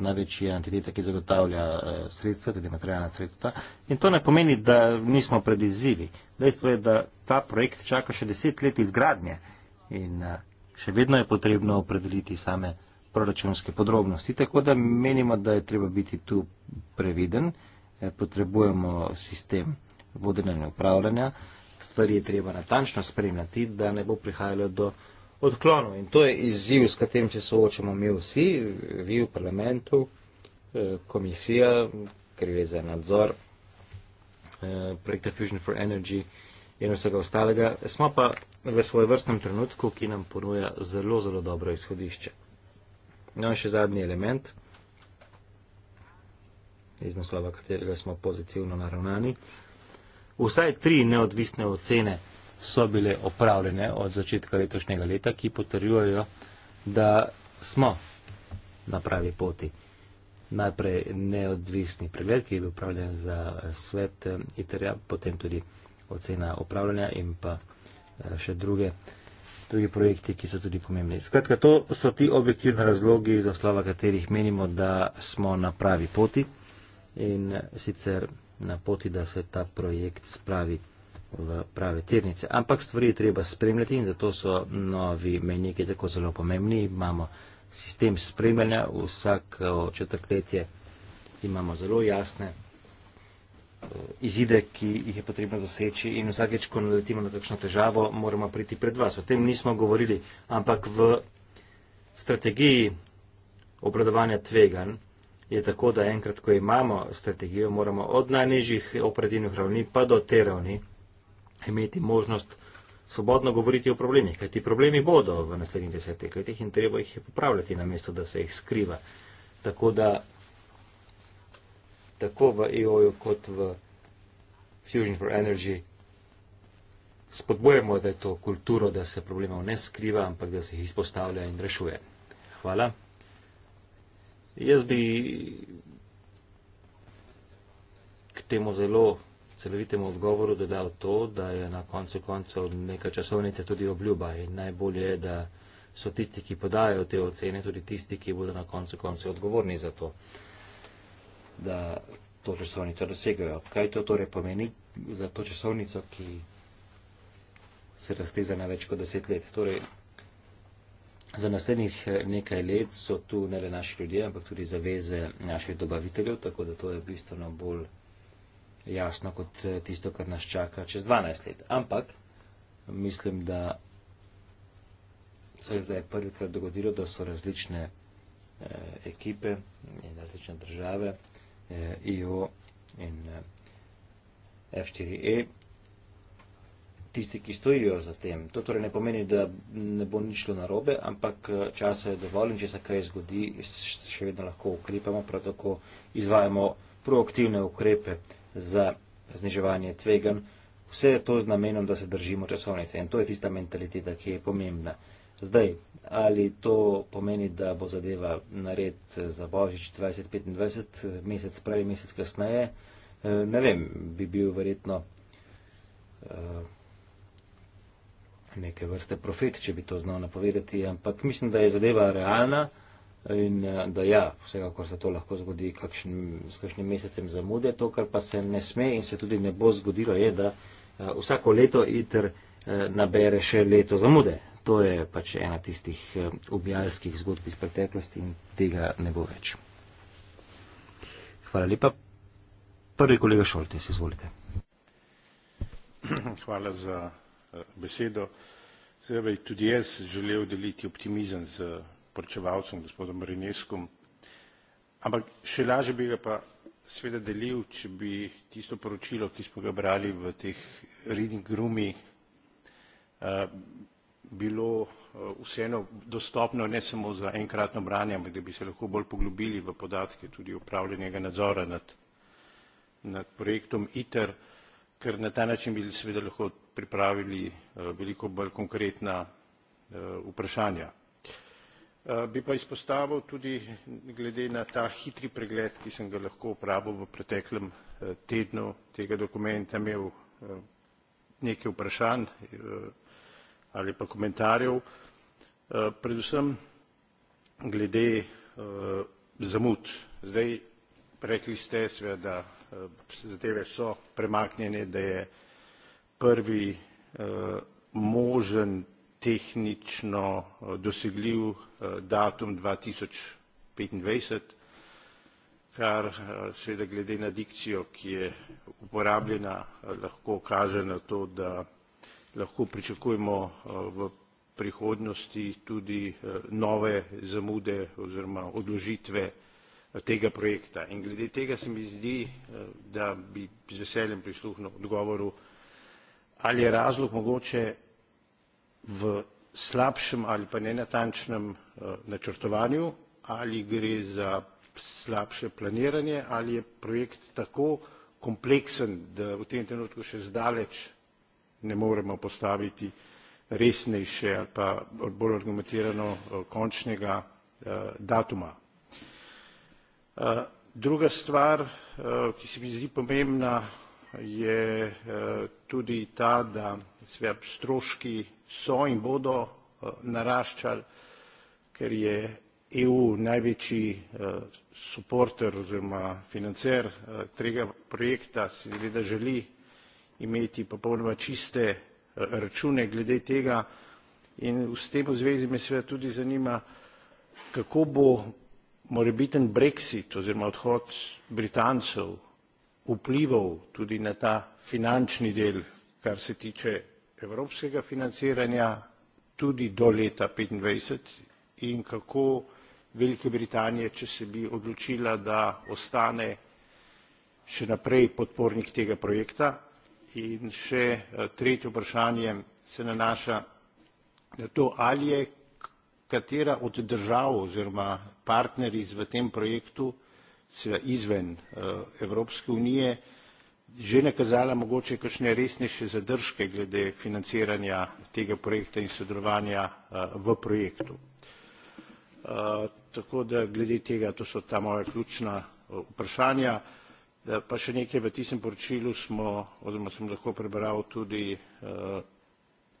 največji entiteta, ki zagotavlja eh, sredstva, tudi materialna sredstva. In to ne pomeni, da nismo pred izzivi. Dejstvo je, da ta projekt čaka še deset let izgradnje in eh, še vedno je potrebno opredeliti same proračunske podrobnosti. Tako da menimo, da je treba biti tu previden, eh, potrebujemo sistem vodenja in upravljanja, stvari je treba natančno spremljati, da ne bo prihajalo do odklonov. In to je izziv, s katerim se soočamo mi vsi, vi v parlamentu, eh, komisija, ker gre za nadzor eh, projekta Fusion for Energy in vsega ostalega. Smo pa v svoj vrstnem trenutku, ki nam ponuja zelo, zelo dobro izhodišče. No in še zadnji element, iz naslova katerega smo pozitivno naravnani. Vsaj tri neodvisne ocene so bile opravljene od začetka letošnjega leta, ki potrjujejo, da smo na pravi poti. Najprej neodvisni pregled, ki je bil upravljen za eh, svet eh, ITR-ja, potem tudi ocena upravljanja in pa eh, še druge, druge projekti, ki so tudi pomembni. Skratka, to so ti objektivni razlogi, za slova katerih menimo, da smo na pravi poti in sicer na poti, da se ta projekt spravi v prave tirnice. Ampak stvari je treba spremljati in zato so novi menjiki tako zelo pomembni. Imamo sistem spremljanja, vsak četrtletje imamo zelo jasne eh, izide, ki jih je potrebno doseči in vsakeč, ko naletimo na takšno težavo, moramo priti pred vas. O tem nismo govorili, ampak v strategiji obradovanja tvegan je tako, da enkrat, ko imamo strategijo, moramo od najnižjih operativnih ravni pa do te ravni, imeti možnost svobodno govoriti o problemih, kajti problemi bodo v naslednjih desetih letih in treba jih je popravljati na mesto, da se jih skriva. Tako da tako v EO-ju kot v Fusion for Energy spodbujemo zdaj to kulturo, da se problemov ne skriva, ampak da se jih izpostavlja in rešuje. Hvala. Jaz bi k temu zelo celovitem odgovoru dodal to, da je na koncu koncev neka časovnica tudi obljuba in najbolje je, da so tisti, ki podajo te ocene, tudi tisti, ki bodo na koncu koncev odgovorni za to, da to časovnico dosegajo. Kaj to torej pomeni za to časovnico, ki se razteza na več kot deset let? Torej, Za naslednjih eh, nekaj let so tu ne le naši ljudje, ampak tudi zaveze naših dobaviteljev, tako da to je bistveno bolj jasno kot eh, tisto, kar nas čaka čez 12 let. Ampak mislim, da se je zdaj prvikrat dogodilo, da so različne eh, ekipe in različne države, IO eh, in eh, F4E, tisti, ki stojijo za tem. To torej ne pomeni, da ne bo nič šlo narobe, ampak eh, časa je dovolj in če se kaj zgodi, še vedno lahko ukrepamo, prav tako izvajamo proaktivne ukrepe za zniževanje tvegan, vse to z namenom, da se držimo časovnice. In to je tista mentaliteta, ki je pomembna. Zdaj, ali to pomeni, da bo zadeva nared za božič 2025, mesec prej, mesec kasneje, eh, ne vem, bi bil verjetno eh, neke vrste profet, če bi to znal napovedati, ampak mislim, da je zadeva realna. In eh, da ja, vsekakor se to lahko zgodi kakšen, s kakšnim mesecem zamude. To, kar pa se ne sme in se tudi ne bo zgodilo, je, da eh, vsako leto ITER eh, nabere še leto zamude. To je pač ena tistih objavljskih zgodb iz preteklosti in tega ne bo več. Hvala lepa. Prvi kolega Šoltes, izvolite. [CLEARS THROAT] Hvala za besedo. Seveda bi tudi jaz želel deliti optimizem z poročevalcem gospodom Marinescu. Ampak še lažje bi ga pa sveda delil, če bi tisto poročilo, ki smo ga brali v teh reading roomih, eh, bilo eh, vseeno dostopno ne samo za enkratno branje, ampak da bi se lahko bolj poglobili v podatke tudi upravljenega nadzora nad, nad projektom ITER, ker na ta način bi seveda lahko pripravili eh, veliko bolj konkretna vprašanja. Eh, bi pa izpostavil tudi glede na ta hitri pregled ki sem ga lahko opravil v preteklem eh, tednu tega dokumenta imel eh, nekaj vprašanj ali pa komentarjev predvsem glede zamud zdaj rekli ste seveda da zadeve so premaknjene da je prvi možen tehnično eh, dosegljiv eh, datum dva tisoč petindvajset kar eh, seveda glede na dikcijo ki je uporabljena lahko kaže na to da lahko pričakujemo v prihodnosti tudi nove zamude oziroma odložitve tega projekta in glede tega se mi zdi da bi z veseljem prisluhnil odgovoru ali je razlog mogoče v slabšem ali pa nenatančnem eh, načrtovanju, ali gre za slabše planiranje, ali je projekt tako kompleksen, da v tem trenutku še zdaleč ne moremo postaviti resnejše ali pa bolj argumentirano eh, končnega eh, datuma. Druga stvar, ki se mi zdi pomembna, je tudi ta, da seveda stroški so in bodo eh, naraščali, ker je EU največji eh, suporter oziroma financer eh, tega projekta, si seveda želi imeti popolnoma čiste račune glede tega in s tem v zvezi me seveda tudi zanima, kako bo morebiten brexit oziroma odhod Britancev vplival tudi na ta finančni del, kar se tiče evropskega financiranja tudi do leta petindvajset in kako velike britanije če se bi odločila da ostane še naprej podpornik tega projekta in še eh, tretje vprašanje se nanaša na to ali je katera od držav oziroma partneric v tem projektu seveda izven eh, evropske unije že nakazala mogoče kakšne resnejše zadržke glede financiranja tega projekta in sodelovanja eh, v projektu. Eh, tako da glede tega, to so ta moja ključna eh, vprašanja, pa še nekaj v tistem poročilu smo, oziroma sem lahko prebral tudi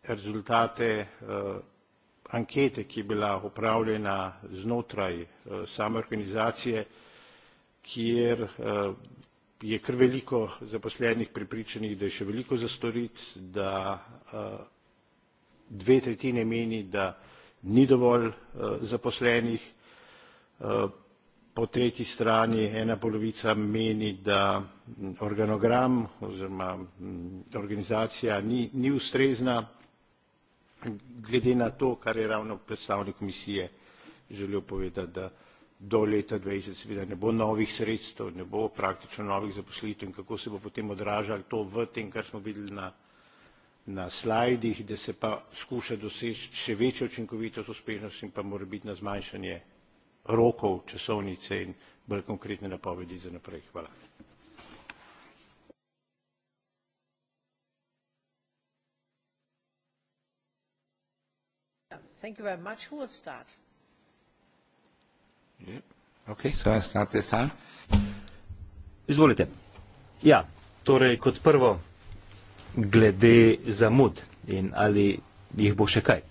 rezultate ankete, ki je bila upravljena znotraj same organizacije, kjer je kar veliko zaposlenih prepričanih da je še veliko za storiti da eh, dve tretjine meni da ni dovolj eh, zaposlenih eh, po tretji strani ena polovica meni da mm, organogram oziroma mm, organizacija ni, ni ustrezna glede na to kar je ravno predstavnik komisije želel povedati da do leta 2020 seveda ne bo novih sredstev, ne bo praktično novih zaposlitev in kako se bo potem odražalo to v tem, kar smo videli na, na slajdih, da se pa skuša doseči še večjo učinkovitost, uspešnost in pa mora biti na zmanjšanje rokov, časovnice in bolj konkretne napovedi za naprej. Hvala. Thank you very much. Who will start? Ja. ja, torej kot prvo, glede zamud in ali jih bo še kaj.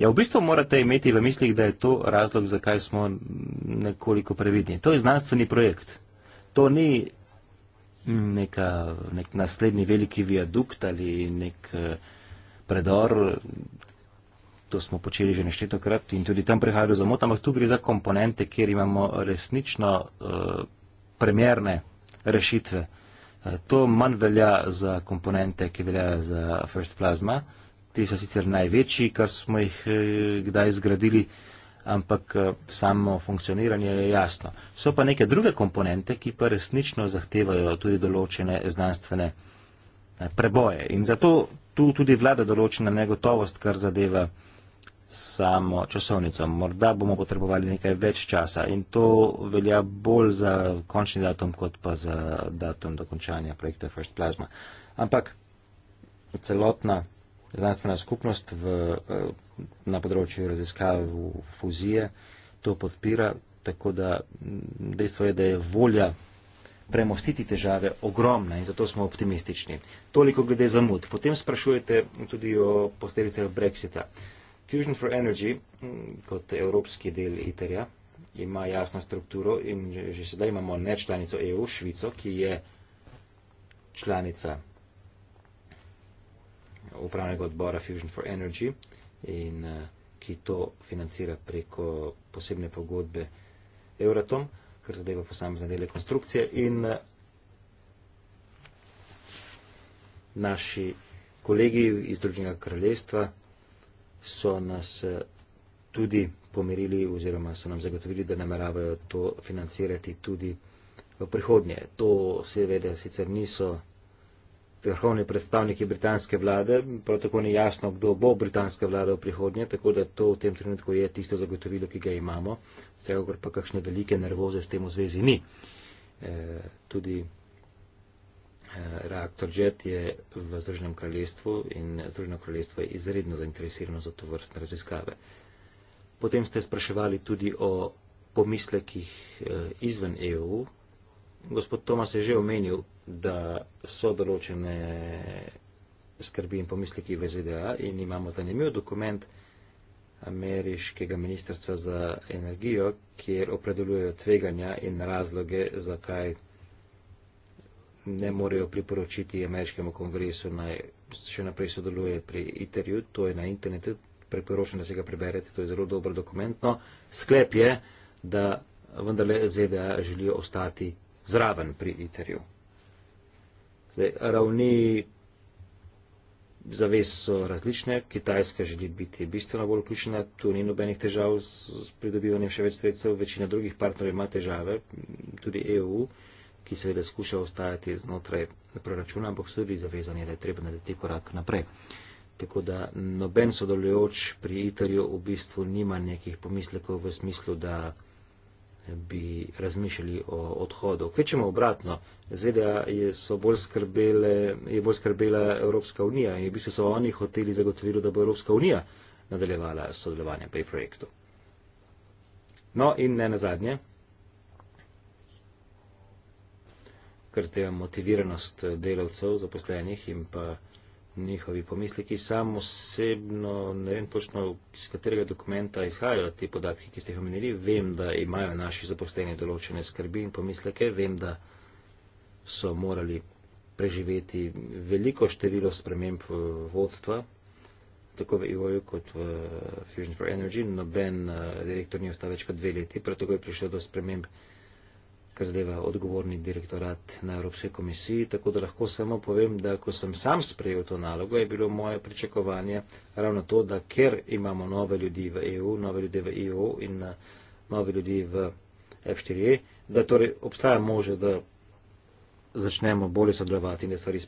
Ja, v bistvu morate imeti v mislih, da je to razlog, zakaj smo nekoliko previdni. To je znanstveni projekt. To ni neka, nek naslednji veliki viadukt ali nek eh, predor, to smo počeli že nešteto krat in tudi tam prihaja do zamot, ampak tu gre za komponente, kjer imamo resnično uh, eh, premjerne rešitve. Uh, to manj velja za komponente, ki veljajo za First Plasma. Ti so sicer največji, kar smo jih eh, kdaj zgradili, ampak eh, samo funkcioniranje je jasno. So pa neke druge komponente, ki pa resnično zahtevajo tudi določene znanstvene eh, preboje. In zato tu tudi vlada določena negotovost, kar zadeva samo časovnico. Morda bomo potrebovali nekaj več časa in to velja bolj za končni datum, kot pa za datum dokončanja projekta First Plasma. Ampak celotna znanstvena skupnost v, eh, na področju raziskav fuzije to podpira, tako da dejstvo je, da je volja premostiti težave ogromna in zato smo optimistični. Toliko glede zamud. Potem sprašujete tudi o posledicah Brexita. Uh, Fusion for Energy, hm, kot evropski del ITER-ja, ima jasno strukturo in že sedaj imamo nečlanico EU, Švico, ki je članica upravnega odbora Fusion for Energy in eh, ki to financira preko posebne pogodbe Euratom, kar zadeva posamezne dele konstrukcije in eh, naši kolegi iz Združenega kraljestva so nas eh, tudi pomerili oziroma so nam zagotovili, da nameravajo to financirati tudi v prihodnje. To seveda sicer niso vrhovni predstavniki britanske vlade, prav tako ni jasno, kdo bo britanska vlada v prihodnje, tako da to v tem trenutku je tisto zagotovilo, ki ga imamo, vsekakor pa kakšne velike nervoze s tem v zvezi ni. E, tudi Reaktor Jet je v Združenem kraljestvu in Združeno kraljestvo je izredno zainteresirano za to vrstne raziskave. Potem ste spraševali tudi o pomislekih eh, izven EU. Gospod Tomas je že omenil, da so določene skrbi in pomisleki v ZDA in imamo zanimiv dokument ameriškega ministrstva za energijo, kjer opredelujejo tveganja in razloge, zakaj ne morejo priporočiti ameriškemu kongresu, naj še naprej sodeluje pri ITER-ju, to je na internetu, priporočam, da se ga preberete, to je zelo dobro dokumentno. Sklep je, da vendarle ZDA želijo ostati zraven pri ITER-ju. Zdaj, ravni zavez so različne, Kitajska želi biti bistveno bolj vključena, tu ni nobenih težav s pridobivanjem še več sredstev, večina drugih partnerjev ima težave, tudi EU ki seveda skuša ostajati znotraj proračuna, ampak tudi zavezan je, da je treba narediti korak naprej. Tako da noben sodelujoč pri ITR-ju v bistvu nima nekih pomislekov v smislu, da bi razmišljali o odhodu. Kvečemo obratno, ZDA je, bolj, skrbele, je bolj skrbela Evropska unija in v bistvu so oni hoteli zagotovilo, da bo Evropska unija nadaljevala sodelovanje pri projektu. No in ne nazadnje. kar te motiviranost delavcev, zaposlenih in pa njihovi pomisleki. Sam osebno ne vem točno, iz katerega dokumenta izhajajo ti podatki, ki ste jih omenili. Vem, da imajo naši zaposleni določene skrbi in pomisleke. Vem, da so morali preživeti veliko število sprememb vodstva, tako v EU kot v Fusion for Energy. Noben eh, direktor ni ostal več kot dve leti, prav tako je prišlo do sprememb kar zadeva odgovorni direktorat na Evropske komisiji, tako da lahko samo povem, da ko sem sam sprejel to nalogo, je bilo moje pričakovanje ravno to, da ker imamo nove ljudi v EU, nove ljudi v EU in eh, nove ljudi v F4E, da torej obstaja možnost, da začnemo bolje sodelovati in da stvari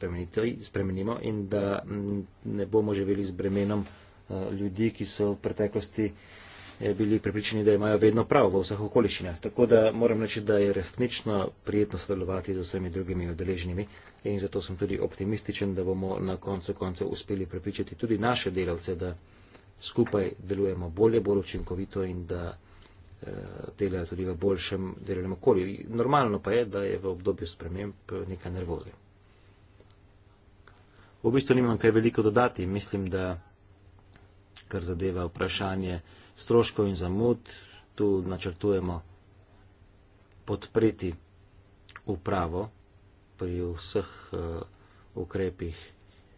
spremenimo in da mm, ne bomo živeli z bremenom eh, ljudi, ki so v preteklosti Eh, bili prepričani, da imajo vedno prav v vseh okoliščinah. Tako da moram reči, da je resnično prijetno sodelovati z vsemi drugimi odeleženimi in zato sem tudi optimističen, da bomo na koncu konca uspeli prepričati tudi naše delavce, da skupaj delujemo bolje, bolj učinkovito in da eh, delajo tudi v boljšem delovnem okolju. Normalno pa je, da je v obdobju sprememb eh, nekaj nervoze. V bistvu nimam kaj veliko dodati. Mislim, da kar zadeva vprašanje, stroškov in zamud, tu načrtujemo podpreti upravo pri vseh eh, ukrepih,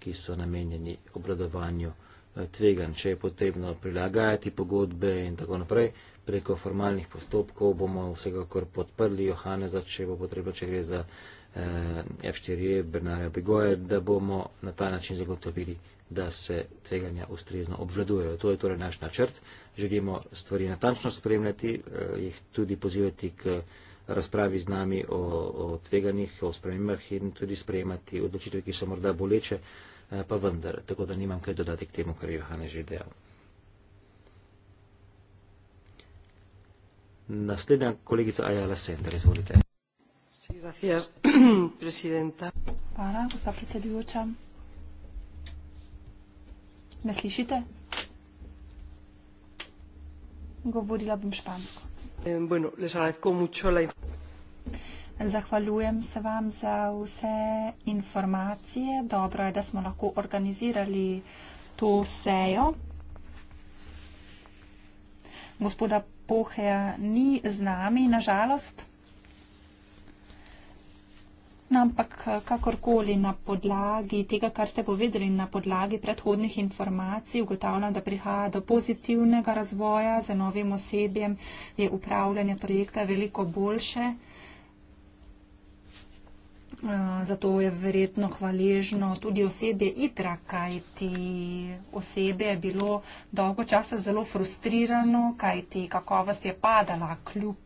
ki so namenjeni obradovanju eh, tvegan. Če je potrebno prilagajati pogodbe in tako naprej, preko formalnih postopkov bomo vsekakor podprli Johaneza, če bo potrebno, če gre za eh, F4E, Bernarja Begoja, da bomo na ta način zagotovili da se tveganja ustrezno obvladujejo. To je torej naš načrt. Želimo stvari natančno spremljati, eh, jih tudi pozivati k razpravi z nami o, o tveganjih, o spremembah in tudi sprejemati odločitve, ki so morda boleče, eh, pa vendar. Tako da nimam kaj dodati k temu, kar je Johane že dejal. Naslednja kolegica Ajala Sender, izvolite. [CLEARS THROAT] Hvala, gospa predsedujoča. Me slišite? Govorila bom špansko. Eh, bueno, les agradezco mucho la Zahvaljujem se vam za vse informacije. Dobro je, da smo lahko organizirali to sejo. Gospoda Poheja ni z nami, nažalost očitna, ampak eh, kakorkoli na podlagi tega, kar ste povedali, na podlagi predhodnih informacij ugotavljam, da prihaja do pozitivnega razvoja za novim osebjem, je upravljanje projekta veliko boljše. Eh, zato je verjetno hvaležno tudi osebje ITRA, kajti osebje je bilo dolgo časa zelo frustrirano, kajti kakovost je padala kljub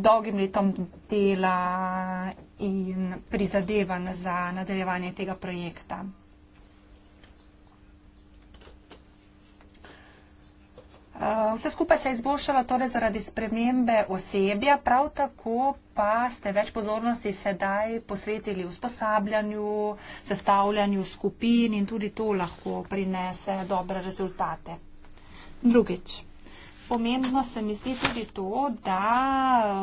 dolgim letom dela in prizadevanj za nadaljevanje tega projekta. Eh, vse skupaj se je izboljšalo torej zaradi spremembe osebja, prav tako pa ste več pozornosti sedaj posvetili usposabljanju, sestavljanju skupin in tudi to lahko prinese dobre rezultate. Drugič pomembno se mi zdi tudi to, da uh,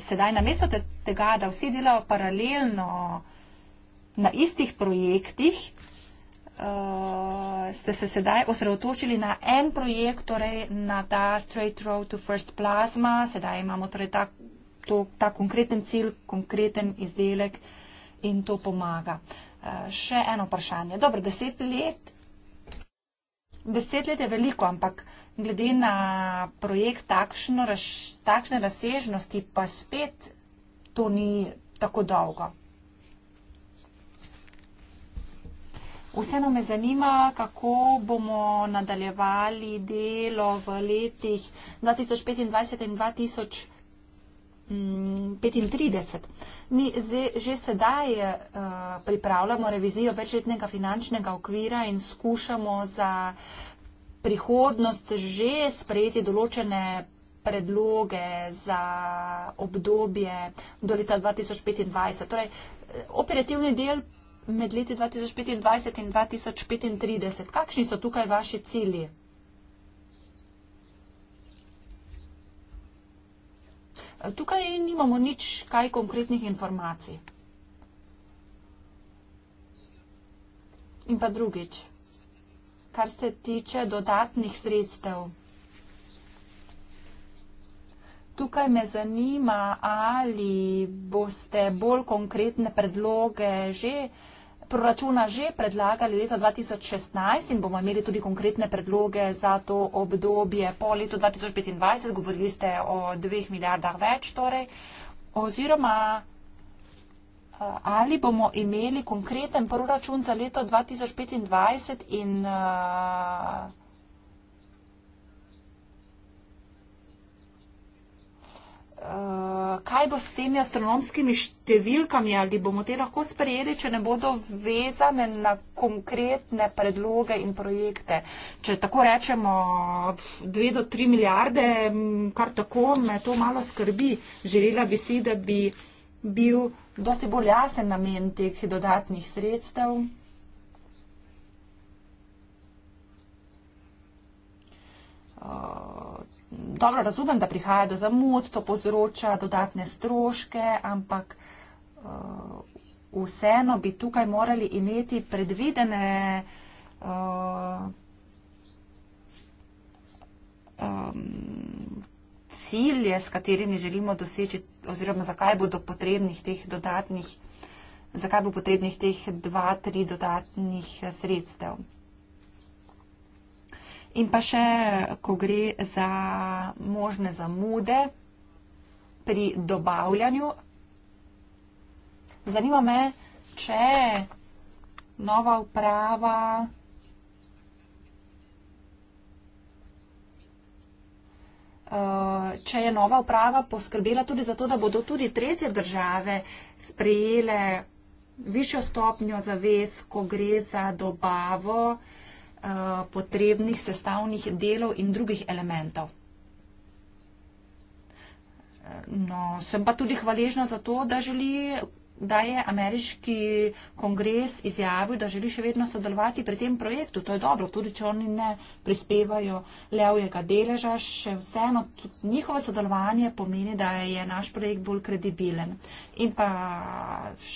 sedaj namesto tega, da vsi delajo paralelno na istih projektih, uh, ste se sedaj osredotočili na en projekt, torej na ta Straight Road to First Plasma. Sedaj imamo torej ta, to, ta konkreten cilj, konkreten izdelek in to pomaga. Uh, še eno vprašanje. Dobro, deset let deset let je veliko, ampak glede na projekt raš, takšne razsežnosti, pa spet to ni tako dolgo. Vseeno me zanima, kako bomo nadaljevali delo v letih 2025 in 2026. 35. Mi že sedaj eh, pripravljamo revizijo večletnega finančnega okvira in skušamo za prihodnost že sprejeti določene predloge za obdobje do leta 2025. Torej, eh, operativni del med leti 2025 in 2035. Kakšni so tukaj vaši cilji? Tukaj nimamo nič kaj konkretnih informacij. In pa drugič, kar se tiče dodatnih sredstev. Tukaj me zanima, ali boste bolj konkretne predloge že vsega, proračuna že predlagali leta 2016 in bomo imeli tudi konkretne predloge za to obdobje po letu 2025. Govorili ste o dveh milijardah več, torej. Oziroma, eh, ali bomo imeli konkreten proračun za leto 2025 in. Eh, Eh, kaj bo s temi astronomskimi številkami, ali bomo te lahko sprejeli, če ne bodo vezane na konkretne predloge in projekte. Če tako rečemo, dve do tri milijarde, kar tako me to malo skrbi. Želela bi si, da bi bil dosti bolj jasen namen teh dodatnih sredstev. Uh, dobro razumem, da prihaja do zamud, to povzroča dodatne stroške, ampak uh, vseeno bi tukaj morali imeti predvidene. Uh, cilje, s katerimi želimo doseči oziroma zakaj bodo potrebnih teh dodatnih, zakaj bo potrebnih teh dva, tri dodatnih eh, sredstev. In pa še, ko gre za možne zamude pri dobavljanju. Zanima me, če nova uprava uh, če je nova uprava poskrbela tudi za to, da bodo tudi tretje države sprejele višjo stopnjo zaves, ko gre za dobavo uh, Eh, potrebnih sestavnih delov in drugih elementov. No, sem pa tudi hvaležna za to, da, želi, da je ameriški kongres izjavil, da želi še vedno sodelovati pri tem projektu. To je dobro, tudi če oni ne prispevajo levjega deleža, še vseeno njihovo sodelovanje pomeni, da je naš projekt bolj kredibilen. In pa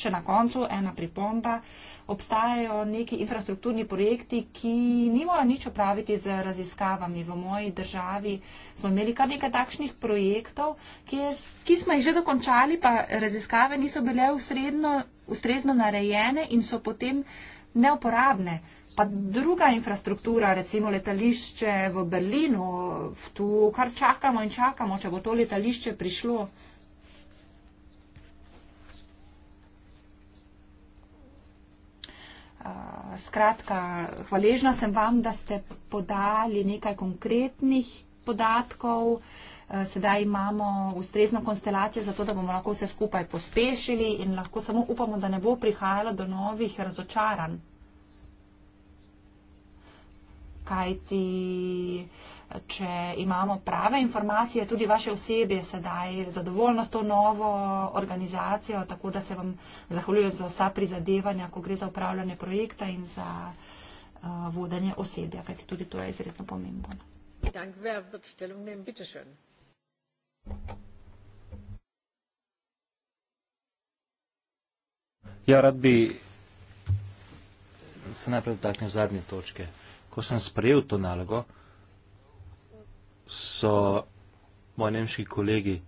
še na koncu ena pripomba obstajajo neki infrastrukturni projekti, ki nimajo nič opraviti z raziskavami. V moji državi smo imeli kar nekaj takšnih projektov, kjer, ki smo jih že dokončali, pa raziskave niso bile usredno, ustrezno narejene in so potem neuporabne. Pa druga infrastruktura, recimo letališče v Berlinu, tu kar čakamo in čakamo, če bo to letališče prišlo. skratka, hvaležna sem vam, da ste podali nekaj konkretnih podatkov. Eh, sedaj imamo ustrezno konstelacijo, zato da bomo lahko vse skupaj pospešili in lahko samo upamo, da ne bo prihajalo do novih razočaranj. Kaj ti. Uh, če imamo prave informacije, tudi vaše osebje sedaj zadovoljno s to novo organizacijo, tako da se vam zahvaljujem za vsa prizadevanja, ko gre za upravljanje projekta in za uh, vodenje osebja, kajti tudi to je izredno pomembno. Ja, rad bi se najprej dotaknil zadnje točke. Ko sem sprejel to nalogo, so moji nemški kolegi.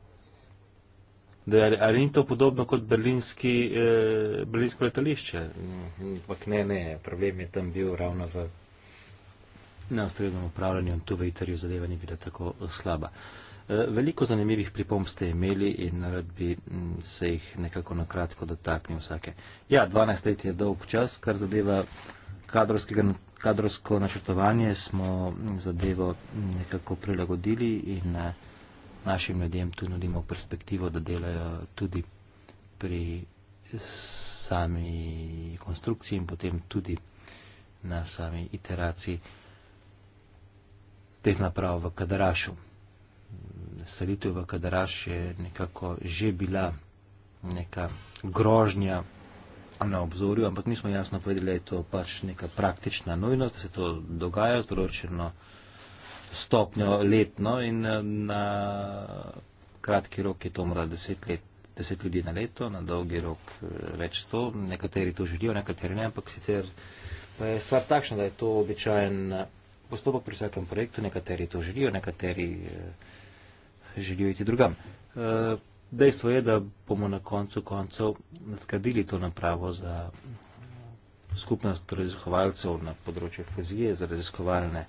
Da, ali, ali ni to podobno kot berlinski, eh, berlinsko letališče? Ampak ne, ne, problem je tam bil ravno v neustreznem upravljanju in tu v Italiji zadeva ni bila tako eh, slaba. Eh, veliko zanimivih pripomb ste imeli in rad bi mm, se jih nekako na kratko dotaknil vsake. Ja, 12 let je dolg čas, kar zadeva kadrovsko načrtovanje smo zadevo nekako prilagodili in eh, našim ljudem tu nudimo perspektivo, da delajo tudi pri sami konstrukciji in potem tudi na sami iteraciji teh naprav v Kadarašu. Selitev v Kadaraš je nekako že bila neka grožnja na obzorju, ampak mi smo jasno povedali, da je to pač neka praktična nujnost, da se to dogaja z določeno stopnjo letno in eh, na kratki rok je to morda deset, let, deset ljudi na leto, na dolgi rok eh, več sto, nekateri to želijo, nekateri ne, ampak sicer je stvar takšna, da je to običajen eh, postopek pri vsakem projektu, nekateri to želijo, nekateri želijo iti drugam. Dejstvo je, da bomo na koncu koncev zgradili to napravo za skupnost raziskovalcev na področju fizije, za raziskovalne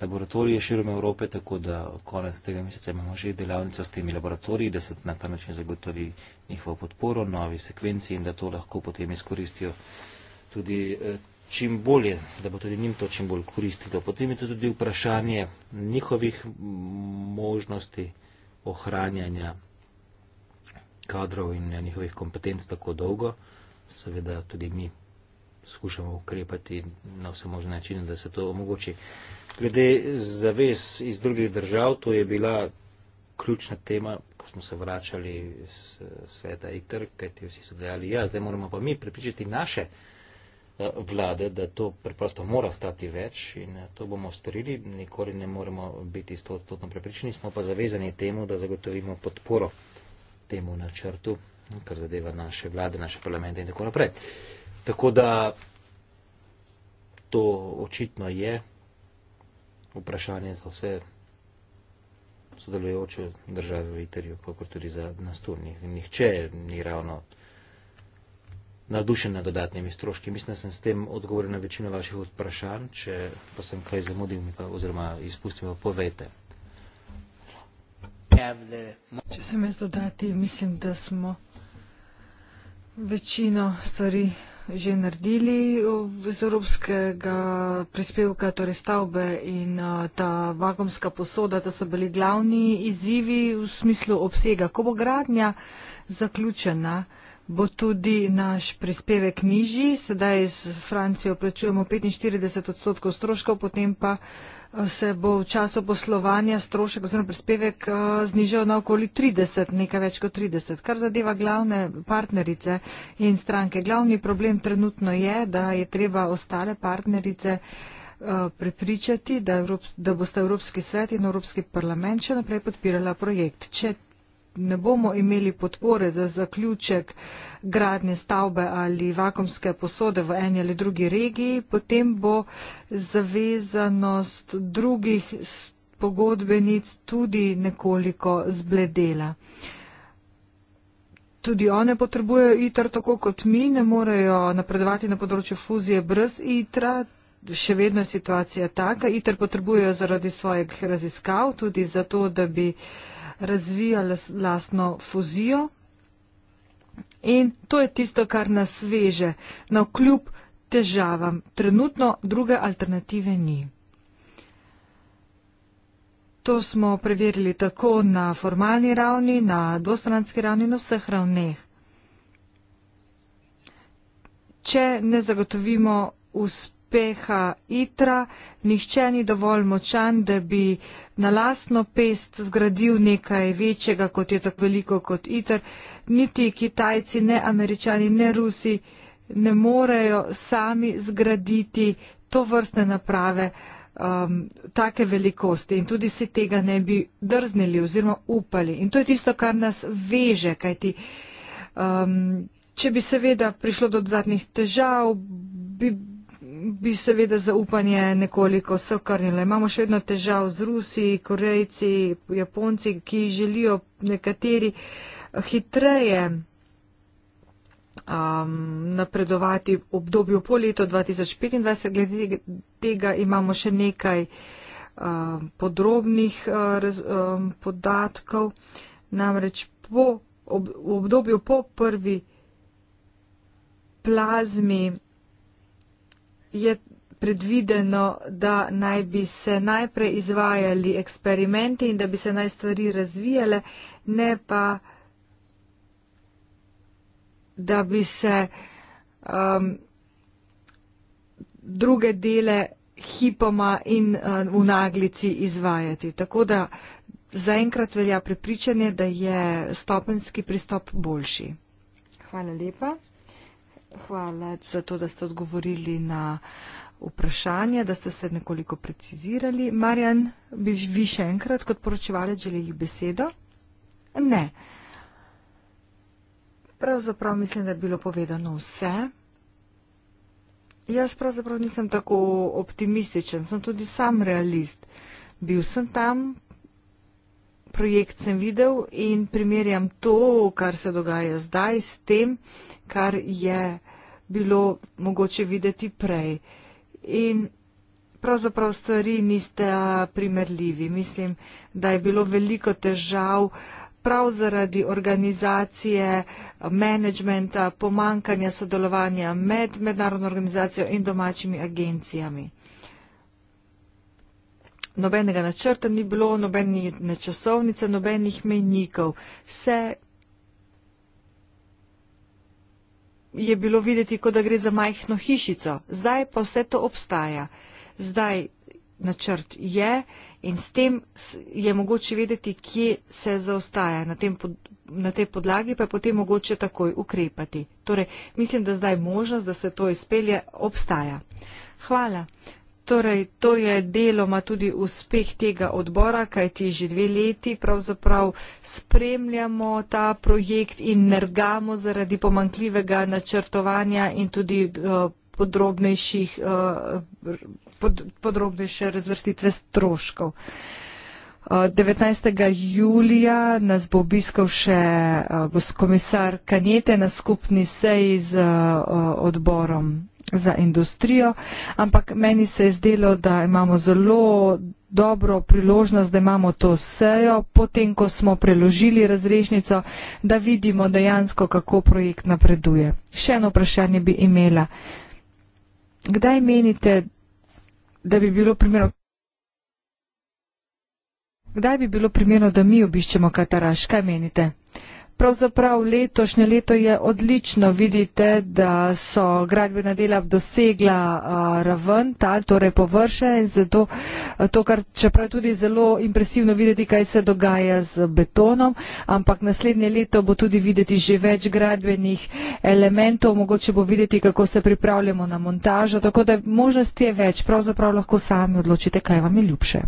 laboratorije širom Evrope, tako da konec tega meseca imamo že delavnico s temi laboratoriji, da se na ta način zagotovi njihovo podporo, novi sekvenci in da to lahko potem izkoristijo tudi eh, čim bolje, da bo tudi njim to čim bolj koristilo. Potem je to tudi vprašanje njihovih možnosti ohranjanja kadrov in njihovih kompetenc tako dolgo. Seveda tudi mi skušamo ukrepati na vse možne načine, da se to omogoči. Glede zavez iz drugih držav, to je bila ključna tema, ko smo se vračali iz sveta ITR, kajti vsi so dejali, ja, zdaj moramo pa mi prepričati naše eh, vlade, da to preprosto mora stati več in eh, to bomo storili, nikoli ne moremo biti stotno prepričani, smo pa zavezani temu, da zagotovimo podporo temu načrtu, kar zadeva naše vlade, naše parlamente in tako naprej. Tako da to očitno je vprašanje za vse sodelujoče države v Italiji, kako tudi za nas tu. Nihče ni ravno nadušen nad dodatnimi stroški. Mislim, da sem s tem odgovoril na večino vaših vprašanj, če pa sem kaj zamudil, pa, oziroma izpustil, povejte. Če sem jaz dodati, mislim, da smo večino stvari že naredili iz evropskega prispevka, torej stavbe in ta vagomska posoda, da so bili glavni izzivi v smislu obsega. Ko bo gradnja zaključena, bo tudi naš prispevek nižji, sedaj z Francijo plačujemo 45 odstotkov stroškov, potem pa se bo v času poslovanja strošek oziroma prispevek eh, znižal na okoli 30, nekaj več kot 30, kar zadeva glavne partnerice in stranke. Glavni problem trenutno je, da je treba ostale partnerice eh, prepričati, da, Evrop, da boste Evropski svet in Evropski parlament še naprej podpirala projekt. Če ne bomo imeli podpore za zaključek gradnje stavbe ali vakumske posode v eni ali drugi regiji, potem bo zavezanost drugih pogodbenic tudi nekoliko zbledela. Tudi one potrebujejo ITR, tako kot mi, ne morejo napredovati na področju fuzije brez ITR. Še vedno je situacija taka. ITR potrebujejo zaradi svojih raziskav, tudi zato, da bi uh, razvija lastno fuzijo. In to je tisto, kar nas veže na no, kljub težavam. Trenutno druge alternative ni. To smo preverili tako na formalni ravni, na dvostranski ravni, na vseh ravneh. Če ne zagotovimo uspeha, peha itra, nihče ni dovolj močan, da bi na lastno pest zgradil nekaj večjega, kot je tako veliko kot itr. Niti kitajci, ne američani, ne rusi ne morejo sami zgraditi to vrstne naprave um, take velikosti in tudi si tega ne bi drznili oziroma upali. In to je tisto, kar nas veže, kajti um, če bi seveda prišlo do dodatnih težav, bi bi seveda zaupanje nekoliko se okrnilo. Imamo še vedno težav z Rusi, Korejci, Japonci, ki želijo nekateri eh, hitreje um, napredovati v obdobju po letu 2025. Glede tega imamo še nekaj um, podrobnih uh, um, podatkov. Namreč po, ob, v obdobju po prvi plazmi je predvideno, da naj bi se najprej izvajali eksperimenti in da bi se naj stvari razvijale, ne pa, da bi se um, druge dele hipoma in uh, v naglici izvajati. Tako da zaenkrat velja prepričanje, da je stopenski pristop boljši. Hvala lepa. Hvala za to, da ste odgovorili na vprašanje, da ste se nekoliko precizirali. Marjan, bi vi še enkrat kot poročevalec želeli besedo? Ne. Pravzaprav mislim, da je bilo povedano vse. Jaz pravzaprav nisem tako optimističen, sem tudi sam realist. Bil sem tam, projekt sem videl in primerjam to, kar se dogaja zdaj, s tem, kar je bilo mogoče videti prej. In pravzaprav stvari niste primerljivi. Mislim, da je bilo veliko težav prav zaradi organizacije, menedžmenta, pomankanja sodelovanja med mednarodno organizacijo in domačimi agencijami nobenega načrta ni bilo, nobene časovnice, nobenih menjikov. Vse je bilo videti, kot da gre za majhno hišico. Zdaj pa vse to obstaja. Zdaj načrt je in s tem je mogoče vedeti, kje se zaostaja. Na, pod, na tej podlagi pa je potem mogoče takoj ukrepati. Torej, mislim, da zdaj možnost, da se to izpelje, obstaja. Hvala. Torej, to je deloma tudi uspeh tega odbora, kaj ti že dve leti pravzaprav spremljamo ta projekt in nergamo zaradi pomankljivega načrtovanja in tudi eh, podrobnejših, eh, podrobnejše razvrstitve stroškov. 19. Eh, julija nas bo obiskal še komisar Kanjete na skupni seji z odborom za industrijo, ampak meni se je zdelo, da imamo zelo dobro priložnost, da imamo to sejo, potem, ko smo preložili razrešnico, da vidimo dejansko, kako projekt napreduje. Še eno vprašanje bi imela. Kdaj menite, da bi bilo primerno, kdaj bi bilo primerno, da mi obiščemo Kataraš? Kaj menite? Pravzaprav letošnje leto je odlično, vidite, da so gradbena dela dosegla raven tal, torej površe in zato to, kar čeprav je tudi zelo impresivno videti, kaj se dogaja z betonom, ampak naslednje leto bo tudi videti že več gradbenih elementov, mogoče bo videti, kako se pripravljamo na montažo, tako da možnosti je več, pravzaprav lahko sami odločite, kaj vam je ljubše.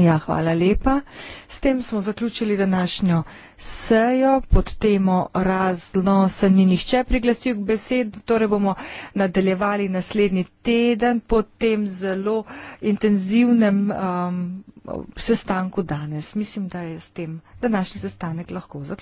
Ja, hvala lepa. S tem smo zaključili današnjo sejo pod temo razno se ni nihče priglasil k besedu, torej bomo nadaljevali naslednji teden po tem zelo intenzivnem um, sestanku danes. Mislim, da je s tem današnji sestanek lahko zaključen.